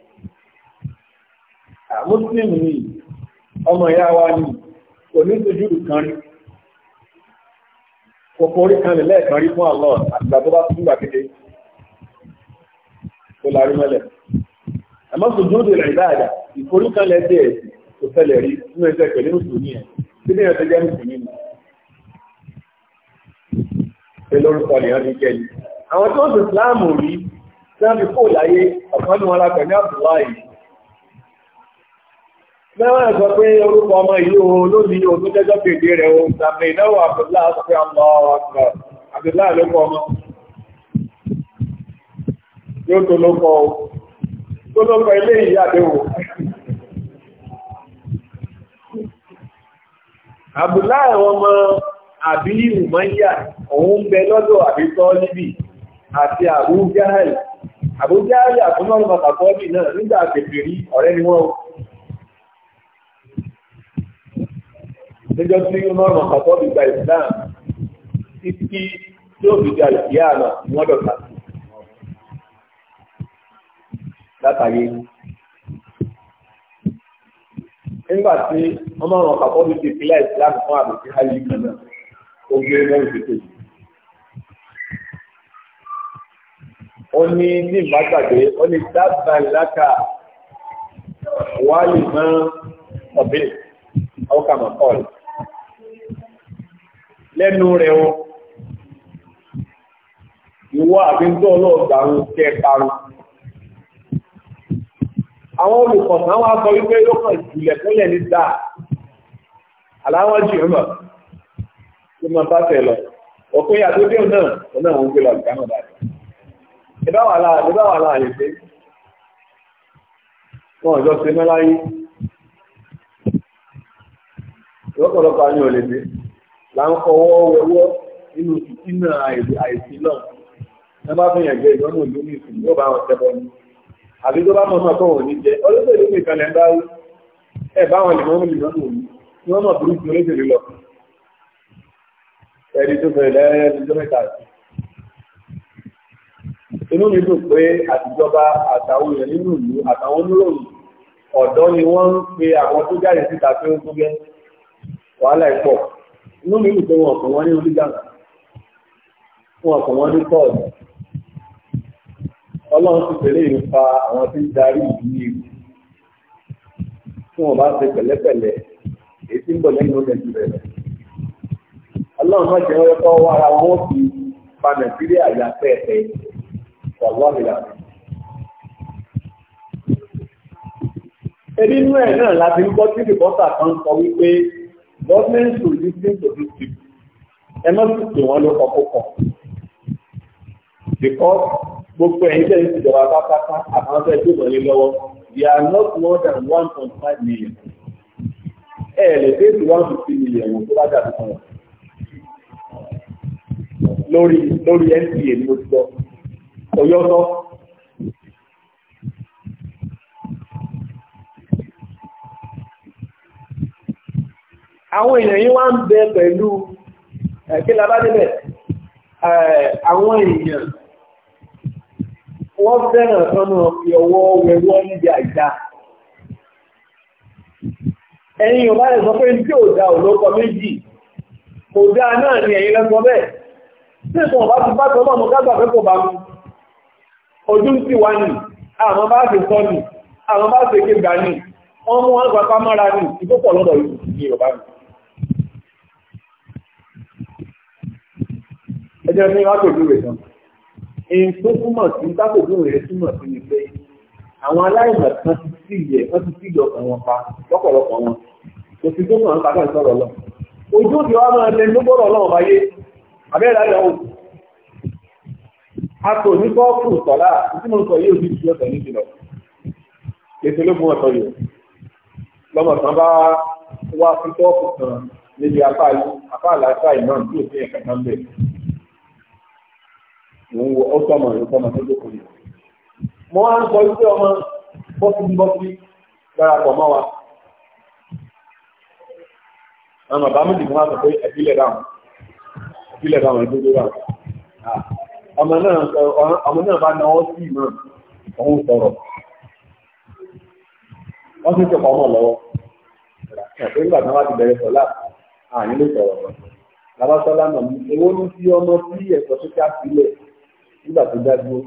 Speaker 1: muslim ni ọmọ ìyá wa ni kò ní sojú kan rí kòkò orí kan lè lẹ́ẹ̀kan rí fún Allah àtìgbà tó bá tún gbà kéde tó larí mọ́lẹ̀ àmọ́ sojú ó dèrè ìbáàdà ìforí kan lẹ́ dẹ̀ kò ṣẹlẹ̀ rí nínú ẹsẹ̀ pẹ̀lú mùsùlùmí ẹ̀ tí bí ẹ̀sẹ̀ jẹ́ mùsùlùmí ni pé lórúkọ nìyàn ní jẹ́ ni àwọn tó ń sọ ìsìláàmù rí tí wọ́n fi kó láyé ọ̀kan ní wọn lápẹ̀ ní Abdullahi Mẹ́wàá ẹ̀sọ pé orúkọ ọmọ ìlú olóòní òtúnjẹ́jọ́ pèdè rẹ̀ ohun tàbí ìnáwó Abdullahi sọ pé ọmọ ọ̀pọ̀ Abdullahi ló kọ ọmọ. Yóò tó ló kọ o. Tó ló kọ ilé ìyá àdéhùn. Abdullahi ọmọ àbí Umayya òun ń bẹ lọ́dọ̀ àbí Tọ́líbì àti Abu Jahal. Abu lọ́jọ́ tí Umar kàtọ́ fi gba Islam títí tí ó fi gba ìyá àná ni wọ́n dọ̀tà sí látàyé. nígbà tí Umar kàtọ́ fi ìpínlẹ̀ Islam fún àbùkù ayé kan náà ó gbé mẹ́rin tètè. ó ní ní ìbátàgbé ó ní dábàá ìlàkà wálé mọ́ ọ̀bẹ ọ̀kà mọ̀kọ́ọ̀lù. lẹ́nu rẹ̀ wọn ìwọ àbíntọ́ ọlọ́ọ̀gbà wọn kẹ́ parun àwọn olùkọ̀sán wá sọ wípé yóò kàn jùlẹ̀ fúnlẹ̀ ní dáa aláwọ̀ jù mọ̀ tí bá tẹ̀ lọ ọ̀pọ̀ ìyá tó déun náà òun náà ń gbé lọ ìgbà náà dáadáa wà là ń fọwọ́ wọwọ́ nínú ìtìnà àìsí náà ẹ bá fi hàn jẹ ìdánwò ìlú ní ìsìn yóò bá wọn tẹ́bọ̀ ní àbí tó bá mọ̀ náà kọ̀wọ̀ ní jẹ olóṣèlú nìkan lẹ́ ń bá ẹ bá wọn lèmọ́mù lèmọ́mù òní ni wọ́n mọ̀ burúkú olóṣèlú lọ ẹni tó fẹ́ lẹ́yìn tó mẹ́ta sí inú mi dùn pé àtijọba àtàwọn èèyàn nínú ìlú àtàwọn oníròyìn ọ̀dọ́ ni wọ́n ń pe àwọn tó jáde síta pé ó tó gẹ́ wàhálà ìpọ̀ inú mi nìkan wọn ọ̀kan wọn ní onígbàgbà wọn ọ̀kan wọn ní pọ́ọ̀lù ọlọ́run ti tẹ̀lé ìlú fa àwọn tí ń darí ìlú ìlú tí wọn bá ṣe pẹ̀lẹ́pẹ̀lẹ́ èyí tí ń bọ̀ lẹ́yìn oúnjẹ jù rẹ̀ ọlọ́run náà jẹ́ ọyọ́ kọ́ wára wọn ó fi pa nàìjíríà yà pẹ́ẹ́pẹ́ wàlúwà mi là inú ẹ̀ náà la fi ń gbọ́ tí rìpọ́tà kan sọ wípé government should listen to this. people ẹ má sì pè wọ́n ló kọ́kọ́ because gbogbo ẹ̀yin tẹ̀lé ìjọba pátápátá àtàwọn tẹ̀lé tó lọ́lé lọ́wọ́ they are not more than one point five million ẹ lè dé sí one fifty million wọn tó bá dàbí kan wọn lórí lórí NPA ni mo ti gbọ́ Ọ̀yọ́ sọ. àwọn èèyàn yìí wá ń bẹ pẹ̀lú ẹ̀kí labádébẹ̀ àwọn èèyàn wọ́n fẹ́ràn sọ́nà ìyọwọ́ wẹ̀wọ́ níbi àìdá ẹ̀yìn yóò bá lè sọ pé tí ò dá òlókọ méjì kò dá náà ni ẹ̀yìn lẹ́sọ bẹ́ẹ̀ tí ìsọ̀n bá ti bá sọ mọ́ kágbà pé kò bá mú ojú sí wá ní àwọn bá ti sọ ní àwọn bá ti ké gbà ní wọ́n mú jẹ́ ní látòjú rẹ̀ náà èyí tó túmọ̀ sí látòjú rẹ̀ túmọ̀ sí ni pé àwọn aláìmọ̀ kan ti sí ìyẹ̀ kan ti sí ìyọ̀ kan wọn pa lọ́pọ̀lọpọ̀ wọn kò sí tó mọ̀ nípa sọ̀rọ̀ lọ ojú òdì wa máa lẹ ló gbọ́dọ̀ lọ́wọ́ báyé abẹ́rẹ́ ayọ̀ òkú a kò ní kọ́ọ̀kù sọ̀lá tí mo sọ yóò fi ti ọ̀sẹ̀ ní ìlọ ètò ló mú ọ̀tọ̀ yìí lọ́mọ kan bá wá fi kọ́ọ̀kù kan níbi apá àlàáfíà ìmọ̀ tí òfin ẹ̀ka kan bẹ̀rẹ̀ mò ń wo ọ̀sọ́ ọmọ rẹ̀ sọmọ tó lókun yìí. mo máa ń sọ wípé ọmọ bọ́sibọ́sí darapọ̀ mọ́ wa. àwọn bàbá méjì mo máa sọ pé ẹ̀bílẹ̀ dáhùn ẹ̀bílẹ̀ dáhùn ẹ̀dúró dáhùn. Ah, ọmọ náà ọmọ náà bá náwó sí ìmọ̀ òun sọ̀rọ̀ wọ́n ti ń sọ̀kọ̀ ọmọ lọ́wọ́ ẹ̀fẹ́ nígbà tí wọ́n ti bẹ̀rẹ̀ sọ̀lá àní sọ̀rọ̀ lọ́wọ́ làbásọ́lá náà ewó ní sí ọmọ sí ẹ̀sọ́ tó ká nígbà tó dágbó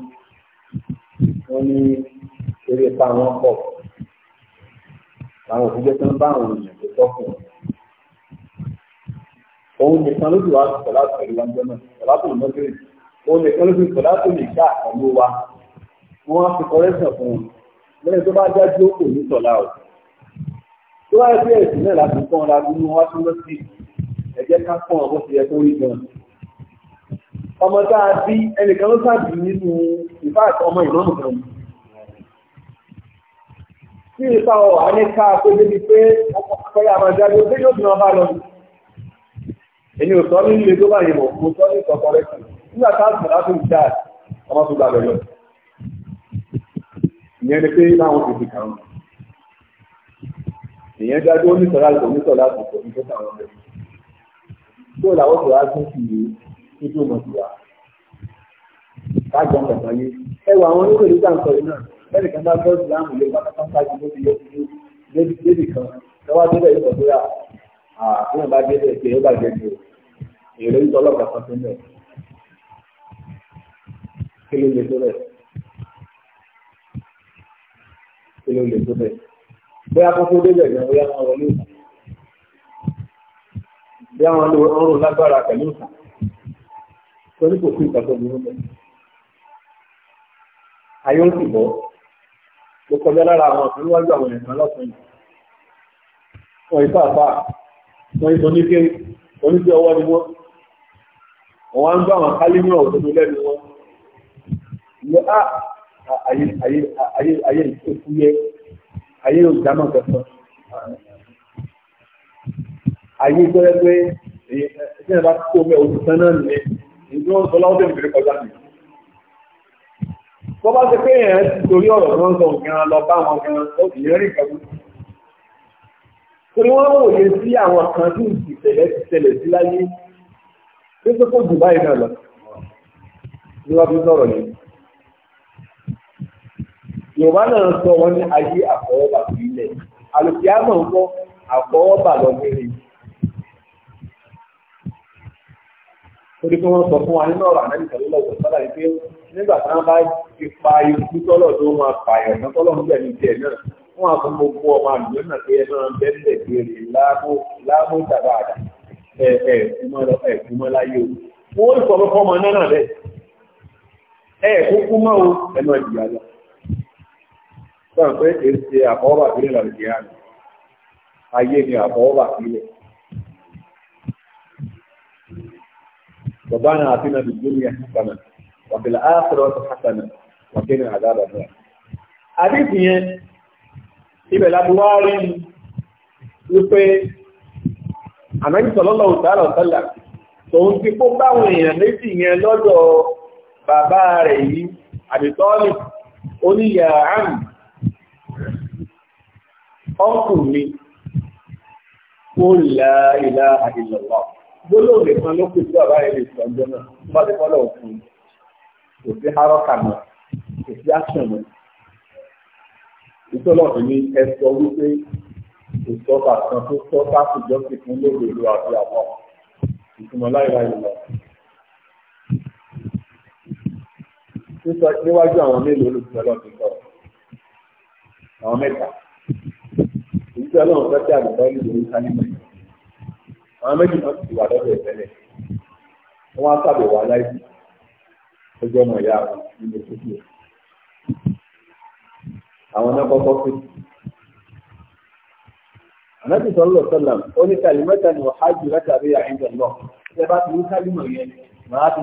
Speaker 1: wọn ní eré pa wọn pọ àwọn òfin jẹ́ pé ń bá àwọn èèyàn tó tọ́kùn òun nìkan ló sì wá sọ̀lá pẹ̀lú wa jẹ́ náà sọ̀lá tó lọ́jọ́ yìí òun nìkan ló sì sọ̀lá tó lè gbà pẹ̀lú wa wọ́n á fi kọ́rẹ́sàn fún un lẹ́yìn tó bá dájú ó kò ní sọ̀lá o tó bá yẹ kí ẹ̀sìn náà láti pọ́n ra nínú wá sí lọ́sí ẹ̀jẹ̀ ká pọ́n ọ bó ti yẹ kó rí gan-an ọmọ tá a bí ẹnìkan ló sáàbì nínú ìfà ọmọ ìmọ̀mù kan tí ìfà ọ̀ àníkà pé débi pé ọkọ̀ọ̀kọ̀yà máa jáde ó déjọ́ ìdùnnà bá lọ èmi ò sọ ní ilé tó bá yìí mọ̀ mo sọ ní ìsọ̀kọ̀ rẹ̀ kù nígbà tá a sùn láti ń dá ọmọ tó gbà lọ́yọ̀ ìyẹn ni pé láwọn ti fi kàn án èèyàn jáde ó ní sọ̀rọ̀ àti òní sọ̀rọ̀ àti òní tó sàwọn ọmọ rẹ̀ tó làwọn sọ̀rọ̀ àti òní ibi ò mọ̀ sí wa. Káàgbọ́n kọ̀ọ̀kan yé. Ẹ wọ àwọn oníkò nígbà ń náà. Bẹ́ẹ̀ni kan bá gbọ́ ìsìláàmù lé pátápátá ju bó ti yẹ kí kan. Lọ́wọ́ débẹ̀ yóò sọ pé àbúrò bá débẹ̀ pé ó bàjẹ́ ju èrè ń tọ́lọ̀ kàkan tó mẹ́. Kí ló lè tó bẹ̀? Kí ló lè tó bẹ̀? Bóyá kókó débẹ̀ gan, bóyá wọn wọlé ìtàn torí kò sí ìgbàgbọ́ mi níbẹ̀. ayé ó sì bọ́ mo kọjá lára àwọn ọ̀sán níwájú àwọn ẹ̀sán lọ́sàn yìí wọ́n yìí pàápàá wọ́n yìí sọ́ní pé ìdí wọn sọ láwọn tẹ̀lé kọjá mi. tó bá ti pé èèyàn ti torí ọ̀rọ̀ tó ń sọ gan lọ bá wọn gan ó sì yẹn rí ìkàwé. torí wọn wòye sí àwọn kan tí ìṣẹ̀lẹ̀ ti ṣẹlẹ̀ sí láyé tó tó kó jù báyìí náà lọ ní wọ́n fi sọ̀rọ̀ yìí. Yorùbá náà sọ wọn ní ayé àfọwọ́bà sílẹ̀. Àlùkìyàmọ̀ ń kọ́ àfọwọ́bà lọ́gbẹ̀rẹ̀ yìí. torí pé wọ́n sọ fún wa nínú ọ̀rọ̀ àmẹ́lì tẹ̀lélọ̀ ọ̀sán sọ́dà yìí pé nígbà tí wọ́n bá ti pa ikú tọ́lọ̀ tó máa pààyàn náà tọ́lọ̀ ń bẹ̀ ní tiẹ̀ náà wọ́n á fún gbogbo ọmọ àdúgbò náà pé ẹ máa bẹ́ẹ̀ bẹ̀rẹ̀ láàbò ìjàmbá àdá ẹ ẹ kúmọ́ láyé o wọ́n sọ fún ọmọ náà náà bẹ́ẹ̀ ẹ kú kúmọ́ o ẹ máa jìyà lọ. sọ pé èsì àfọwọ́bà sílẹ̀ lọ́dún kìí àná ayé ni àfọwọ́bà sílẹ̀ ربنا آتنا في الدنيا حسنة وفي الآخرة حسنة وقنا عذاب النار àdìsí yẹn ibẹ̀ láti wá rí wípé àmẹ́jì sọlọ́lọ́ òtàlà òtàlà tòun ti kó báwọn èèyàn méjì yẹn lọ́dọ̀ bàbá rẹ̀ yìí àdìtọ́lì oníyà àmì ọkùnrin kó la ilaha illallah gbólóhùn nìkan ló kù sí bàbá yẹn lè sọ ọjọ́ náà bá ti kọ́ lọ́wọ́ fún un kò sí harọ́kà mọ́ kò sí action mọ́ ìtọ́lọ́ fi ní ẹ sọ wípé kò sọ́kà kan tó sọ́kà àtijọ́ sì fún lóògbé ìlú àti àwọn ìtumọ̀ láìláì lọ. sísọ níwájú àwọn mélòó olùsọ lọ́ọ̀dún sọ àwọn mẹ́ta ìdíjọ́ fẹ́ kí àgbẹ̀dọ́ nílùú sálímẹ̀ àwọn méjì náà ti wà lọ́dọ̀ ìtẹ́lẹ̀ wọ́n á sàbẹ̀wò aláìsí lójú ọmọ ìyá wọn nínú ìtúkù àwọn náà kọ́kọ́ pé ànábì sọ́lọ́ sọ́làm ó ní kàlímẹ́ta ni ṣe bá ti ní yẹn màá ti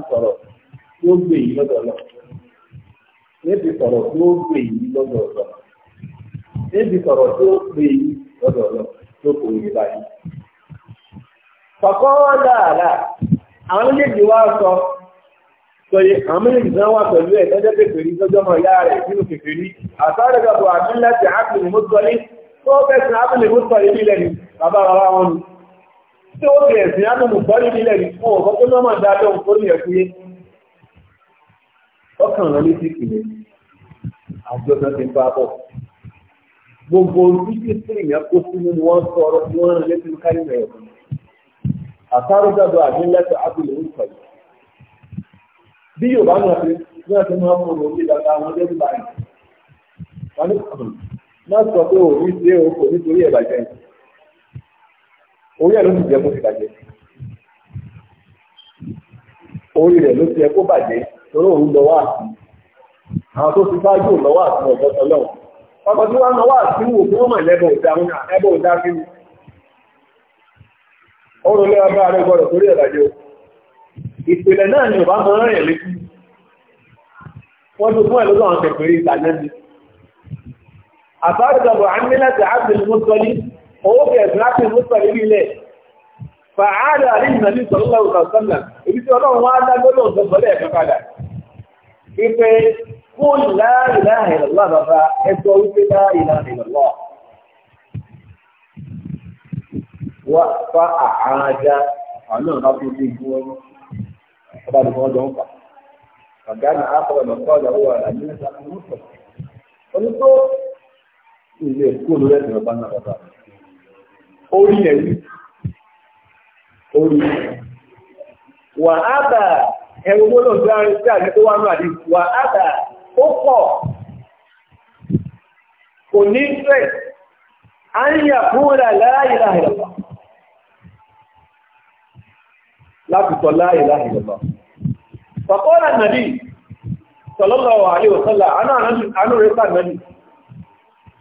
Speaker 1: kọ̀kọ́ dáàlà àwọn méjèèjì wá sọ sọye àwọn méjèèjì náà wà pẹ̀lú ẹ̀ tọ́jọ́ kékeré tọ́jọ́ mọ̀ ìyá rẹ̀ nínú kékeré àtàrẹ́gbàbọ̀ àbí láti ápìlì mọ́tọ́lé tó fẹ̀sìn ápìlì mọ́tọ́lé nílẹ̀ ni bàbá bàbá wọn ni tí ó fi ẹ̀sìn ápìlì mọ́tọ́lé nílẹ̀ ni fún ọ̀kọ́ tó mọ́mọ́ dáadọ́ nǹkan ní ẹ̀kú yé ọkàn rẹ̀ létí kìlẹ̀ àjọ náà ti ń bá bọ̀ gbogbo ojú tí èèyàn kó sínú ni wọ́n sọ ọ̀rọ̀ tí wọ́n rán létí kárí mẹ́rin àtàrúgbàdo àdínlẹ́tọ̀ àbúlé ń sọ̀rọ̀. bí yorùbá náà fi ní àti máa mú un omi dada àwọn ọdẹ nígbà yìí wọn ní kàn hmm, máa sọ pé ṣe nítorí orí ẹ̀ ló rẹ̀ ló ti kó lọ wá àti àwọn tó ti lọ wá àti ọ̀dọ́ pàpàtí wọn lọ wá àti wò ọrọ̀ lé abá rẹ̀ gbọ́dọ̀ torí ẹ̀dàjẹ́ o ìpìlẹ̀ náà ni ọba mọ́ rẹ̀ létí wọ́n tó fún ẹ̀ lọ́dọ̀ àwọn kẹfẹ́rí ìtànẹ́ni àbájábọ̀ àmìlẹ́tì àbìlmùsọ̀lì owó kẹfẹ́ àbìlmùsọ̀lì nílẹ̀ fàáàrẹ̀ àríyìnàlì sọ̀rọ̀lá wá fa àhàdá àwọn náà bá tó dé ibi wọn ọba ni wọn jọ ń fà ọgá ni àkọọlẹ lọkọ ọjà wà láti ní sàkóso ní sọ wọn tó ilé ẹ̀kọ́ lórí ẹsẹ̀ ọba náà bàbá orí ẹ̀rí orí wà á bà ẹ̀rọ owó náà dáa sí àjẹ tó wà náà àdìsí wà á bà ó pọ̀ kò ní stress à ń yà fún ìlà láàyè láàyè lọ. láti sọ la ilaha illallah faqala nàbí sallallahu alaihi wasallam anú rẹ̀ sà nàbí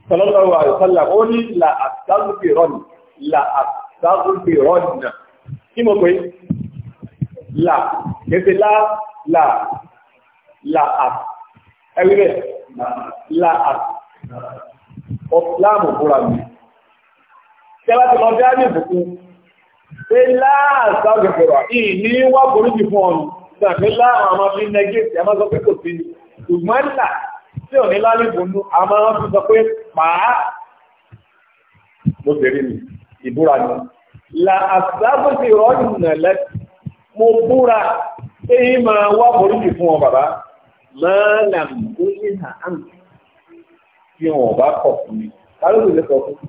Speaker 1: sallallahu alaihi wasallam ó ní la astaghfirun la astaghfirun nà kí mo pé la kẹsẹ̀ lá la la ẹ̀rí rẹ̀ la ọ̀pláàmù fúra mi. Tẹ́lá ti lọ bí á ní ìbùkún pé láàtà gbẹ̀gbẹ̀rọ̀ ìní wá boríjì fún ọ̀nà tàbí láàrín àwọn bí nẹgẹ́sì a máa sọ pé kò sí ní ṣùgbọ́n ńlá tí ò ní lálébùnú a máa fi sọ pé pàá mo tẹ̀rí mi ìbúra ni la àṣàbòsí rọ́ọ̀nà lẹ́ mo búra pé yí máa wá boríjì fún ọ bàbá máa là ń ní hàn án tí wọn bá kọ̀ fún mi kálódé lè sọ fún mi.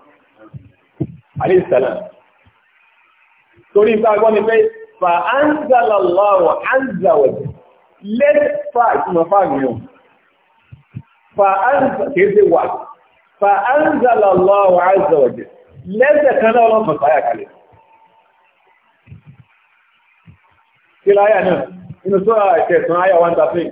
Speaker 1: àríṣàlá torí ìta gbọ́ ni pé fa anzalallahu anzawajẹ let fa ìtumọ̀ fa mìíràn fa anza kìí ṣe wà fa anzalallahu anzawajẹ lẹ́sẹ̀ kan náà lọ́pọ̀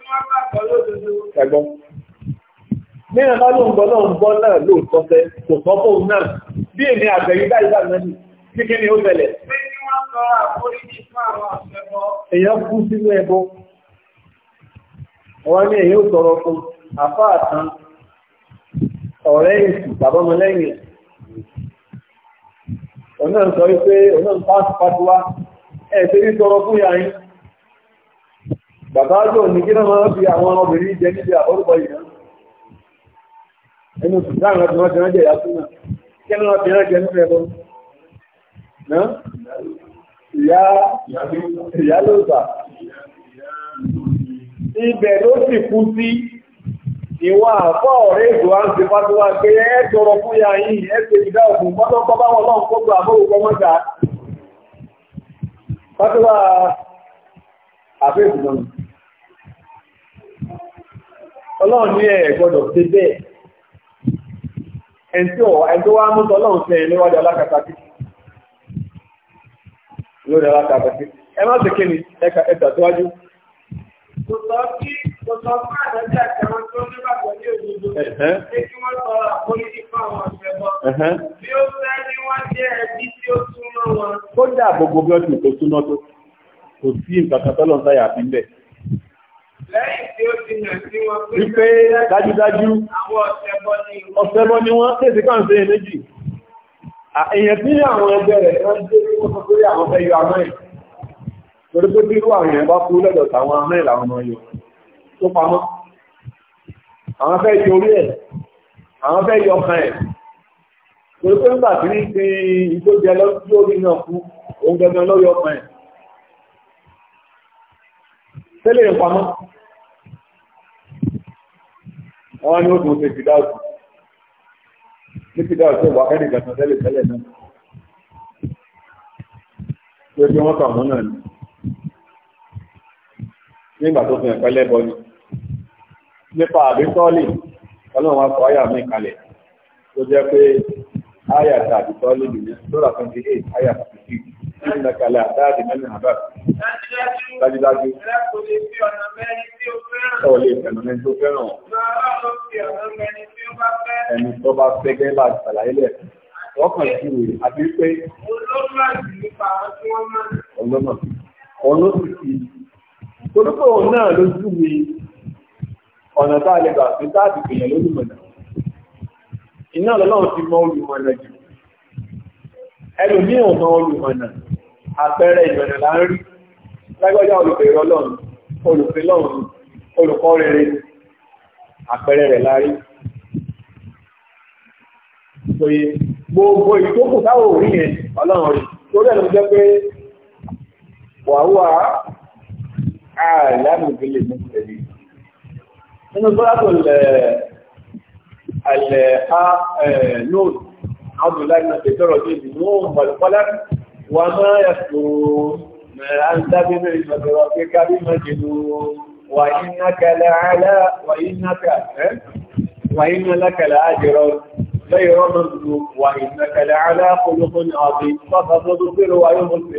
Speaker 1: ẹ̀gbọ́n mìíràn bá ló ń gbọ́ náà ń gbọ́ náà lóòótọ́ fẹ́ kò sọ fóun náà bí èmi àgbẹ̀yìn báyìí bá náà nì kí kí ni ó bẹ̀lẹ̀. èèyàn kú sínú ẹbọ wọn ní èyí ó sọ̀rọ̀ fún àfa àtàn ọ̀rẹ́ èsì bàbọ́mọlẹ́yìn òun náà sọ wípé òun náà ń pàṣípàṣíwá ẹ̀ ṣe ní sọ̀rọ̀ fún yàrá bàbá yóò ní kí náà máa fi àwọn obìnrin jẹ níbi àbọ̀rúbọ yìí náà ẹnu sùdá àwọn ọdún ọdún ọjọ́ ìyá súnà kí náà fi rán jẹ níbi ẹbọ náà ìyá ìyá ló bà ibẹ̀ ló sì kú sí ìwà àpọ̀ ọ̀rẹ́ ìlú à ń ṣe fásitì pé ẹ tọrọ fún ya yìí ẹ ṣe ìdá ògùn pátọ́pọ́ báwọn ọlọ́run kó gbà àbọ̀rúbọ mọ́ta fásitì àfẹ́ ìdùnnà nù. ọlọ́run ní ẹ̀ gbọ́dọ̀ ṣe bẹ́ẹ̀ ẹni tí ọ̀wọ́ ẹni tó wá mú tọ́lọ́run fẹ́ níwájú alákatakí lórí alákatakí ẹ má ṣe kí ni ẹ̀ka ẹ̀ta kò sọ fún àdájọ́ àtàwọn tó nígbàgbọ́ ní òdodo pé wọ́n sọ àforíjì fún àwọn ọ̀sẹ̀bọ̀ bí ó fẹ́ ni wọ́n jẹ́ ẹbí tí ó súnmọ́ wọn. kódà gbogbo bí wọ́n ti tó súnmọ́ tó kò sí nǹkan tọ́lọ̀ ń sáyà fi ń lẹ́yìn tí ó ti yàn sí wọn pé wípé dájúdájú àwọn ọ̀sẹ̀bọ ni wọ́n tèsí kàn méjì èèyàn tí àwọn ẹgbẹ́ rẹ̀ kan dé tó pamọ́ àwọn fẹ́ yọ orí ẹ̀ àwọn fẹ́ yọ kan ẹ̀ torí pé nígbà tí ní ti ìtó jẹ orí náà kú òun gẹ́gẹ́ lọ́yọ̀ ẹ̀ tẹ́lẹ̀ ìpamọ́ wọ́n ní ó tún ṣe fìdáùsì ní tẹ́lẹ̀ tẹ́lẹ̀ náà tó bí wọ́n kàwọn náà ni nígbà tó fi hàn pẹ́lẹ́ bọ́ ni nípa àbí tọ́lì ọlọ́run wa kọ àyà mi kalẹ̀ jẹ́ pé àyà tàbí nìyẹn lọ́la àyà dájúdájú. Ọ̀ lè fẹ̀nà mẹ́ni tó fẹ́ràn. Ẹni tó bá fẹ́ gẹ́gẹ́ bá ṣàlàyé lẹ̀. Wọ́n kàn sí ìwé àti pé. Ọlọ́mọ. Ọ̀nà sì fi. Torípé òun náà ló júwe ọ̀nà tá a lè gbà pé táàbì pèèyàn lólùmọ̀nà. Iná lọ́lọ́run ti mọ olùmọ̀nà jù. Ẹlòmíràn mọ olùmọ̀nà. Àpẹẹrẹ ìmọ̀nà là ń rí lágbájá olùbẹ̀rẹ̀ ọlọ́run olùfẹ́ lọ́run olùkọ́ rere àpẹẹrẹ rẹ̀ lárí pé gbogbo ìtókù táwọn òrí yẹn ọlọ́run rí lórí ẹ̀lú jẹ́ pé wàhúà àìlàmùbílẹ̀ mú tẹ̀lé nínú sọ́dọ̀tò alẹ́ ha lóòdù abdullahi náà tẹ̀tọ́rọ̀ sí ìdí mú mọ̀lẹ́kọ́lá wà máa yàtọ̀ أنت بنعمة ربك بمجنون وإنك لعلى وإنك إيه؟ وإن لك لأجر غير مملوك وإنك لعلى خلق عظيم فستبصر ويغفرون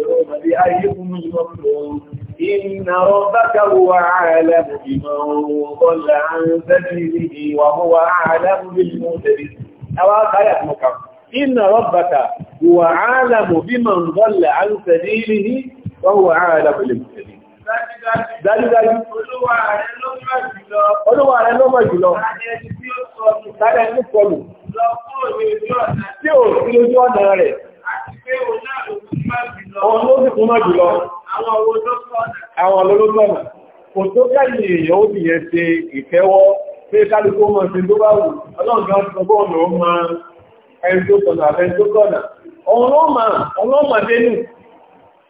Speaker 1: بأيكم المظلوم إن ربك هو أعلم بمن ضل عن سبيله وهو أعلم بالمهتدين أو آخر إن ربك هو أعلم بمن ضل عن سبيله wọ́wọ́ ààrẹ lábẹ̀lẹ̀ ìtẹ̀lẹ̀. Dájúdájú. Olúwa rẹ̀ ló mọ̀ jùlọ. Olúwa rẹ̀ ló mọ̀ jùlọ. Tàbí ẹni tí ó sọnù. Tàbí ẹni tí ó sọnù. Lọ kúrò ní ojú ọ̀nà. Tí ò sí ojú ọ̀nà rẹ̀. Àti pé òun náà ló fi mọ̀ jùlọ. Òun ló fi kún mọ̀ jùlọ. Àwọn owó ló sọ̀nà. Àwọn ló sọ̀nà. Kò tó kẹ́yìn èèyàn ó bìyẹn ṣe ìfẹ́wọ́ pé kálukú mọ̀ sí tó bá wù. Ọlọ́run kan sọ bọ́ọ̀nù ó máa ẹni tó sọ̀nà àfẹ́ tó sọ̀nà. Ọ̀run ó máa, ọ̀run dénú.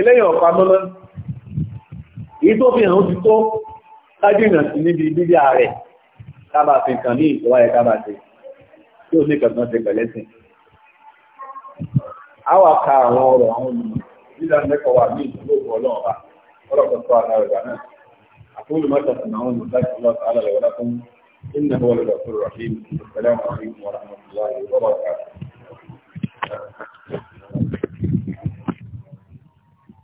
Speaker 1: eléyàn ọ̀pá mọ́mọ́ èyí tó fi hàn ó ti tó kájìnà sí níbi bíbí ààrẹ kábà fi kàn ní ìtọ́wà ẹ̀ kábà ṣe tí ó ní kẹ̀kọ́ ṣe pẹ̀lẹ́ sí a wà ka àwọn ọ̀rọ̀ àwọn olùmọ̀ nígbà mẹ́kọ̀ọ́ wà ní ìdúró ọlọ́run wa ọlọ́kọ̀ tó ara rẹ̀ náà أقول ما تسمعون وذلك الله تعالى ولكم إنه هو الغفور الرحيم السلام عليكم ورحمة الله وبركاته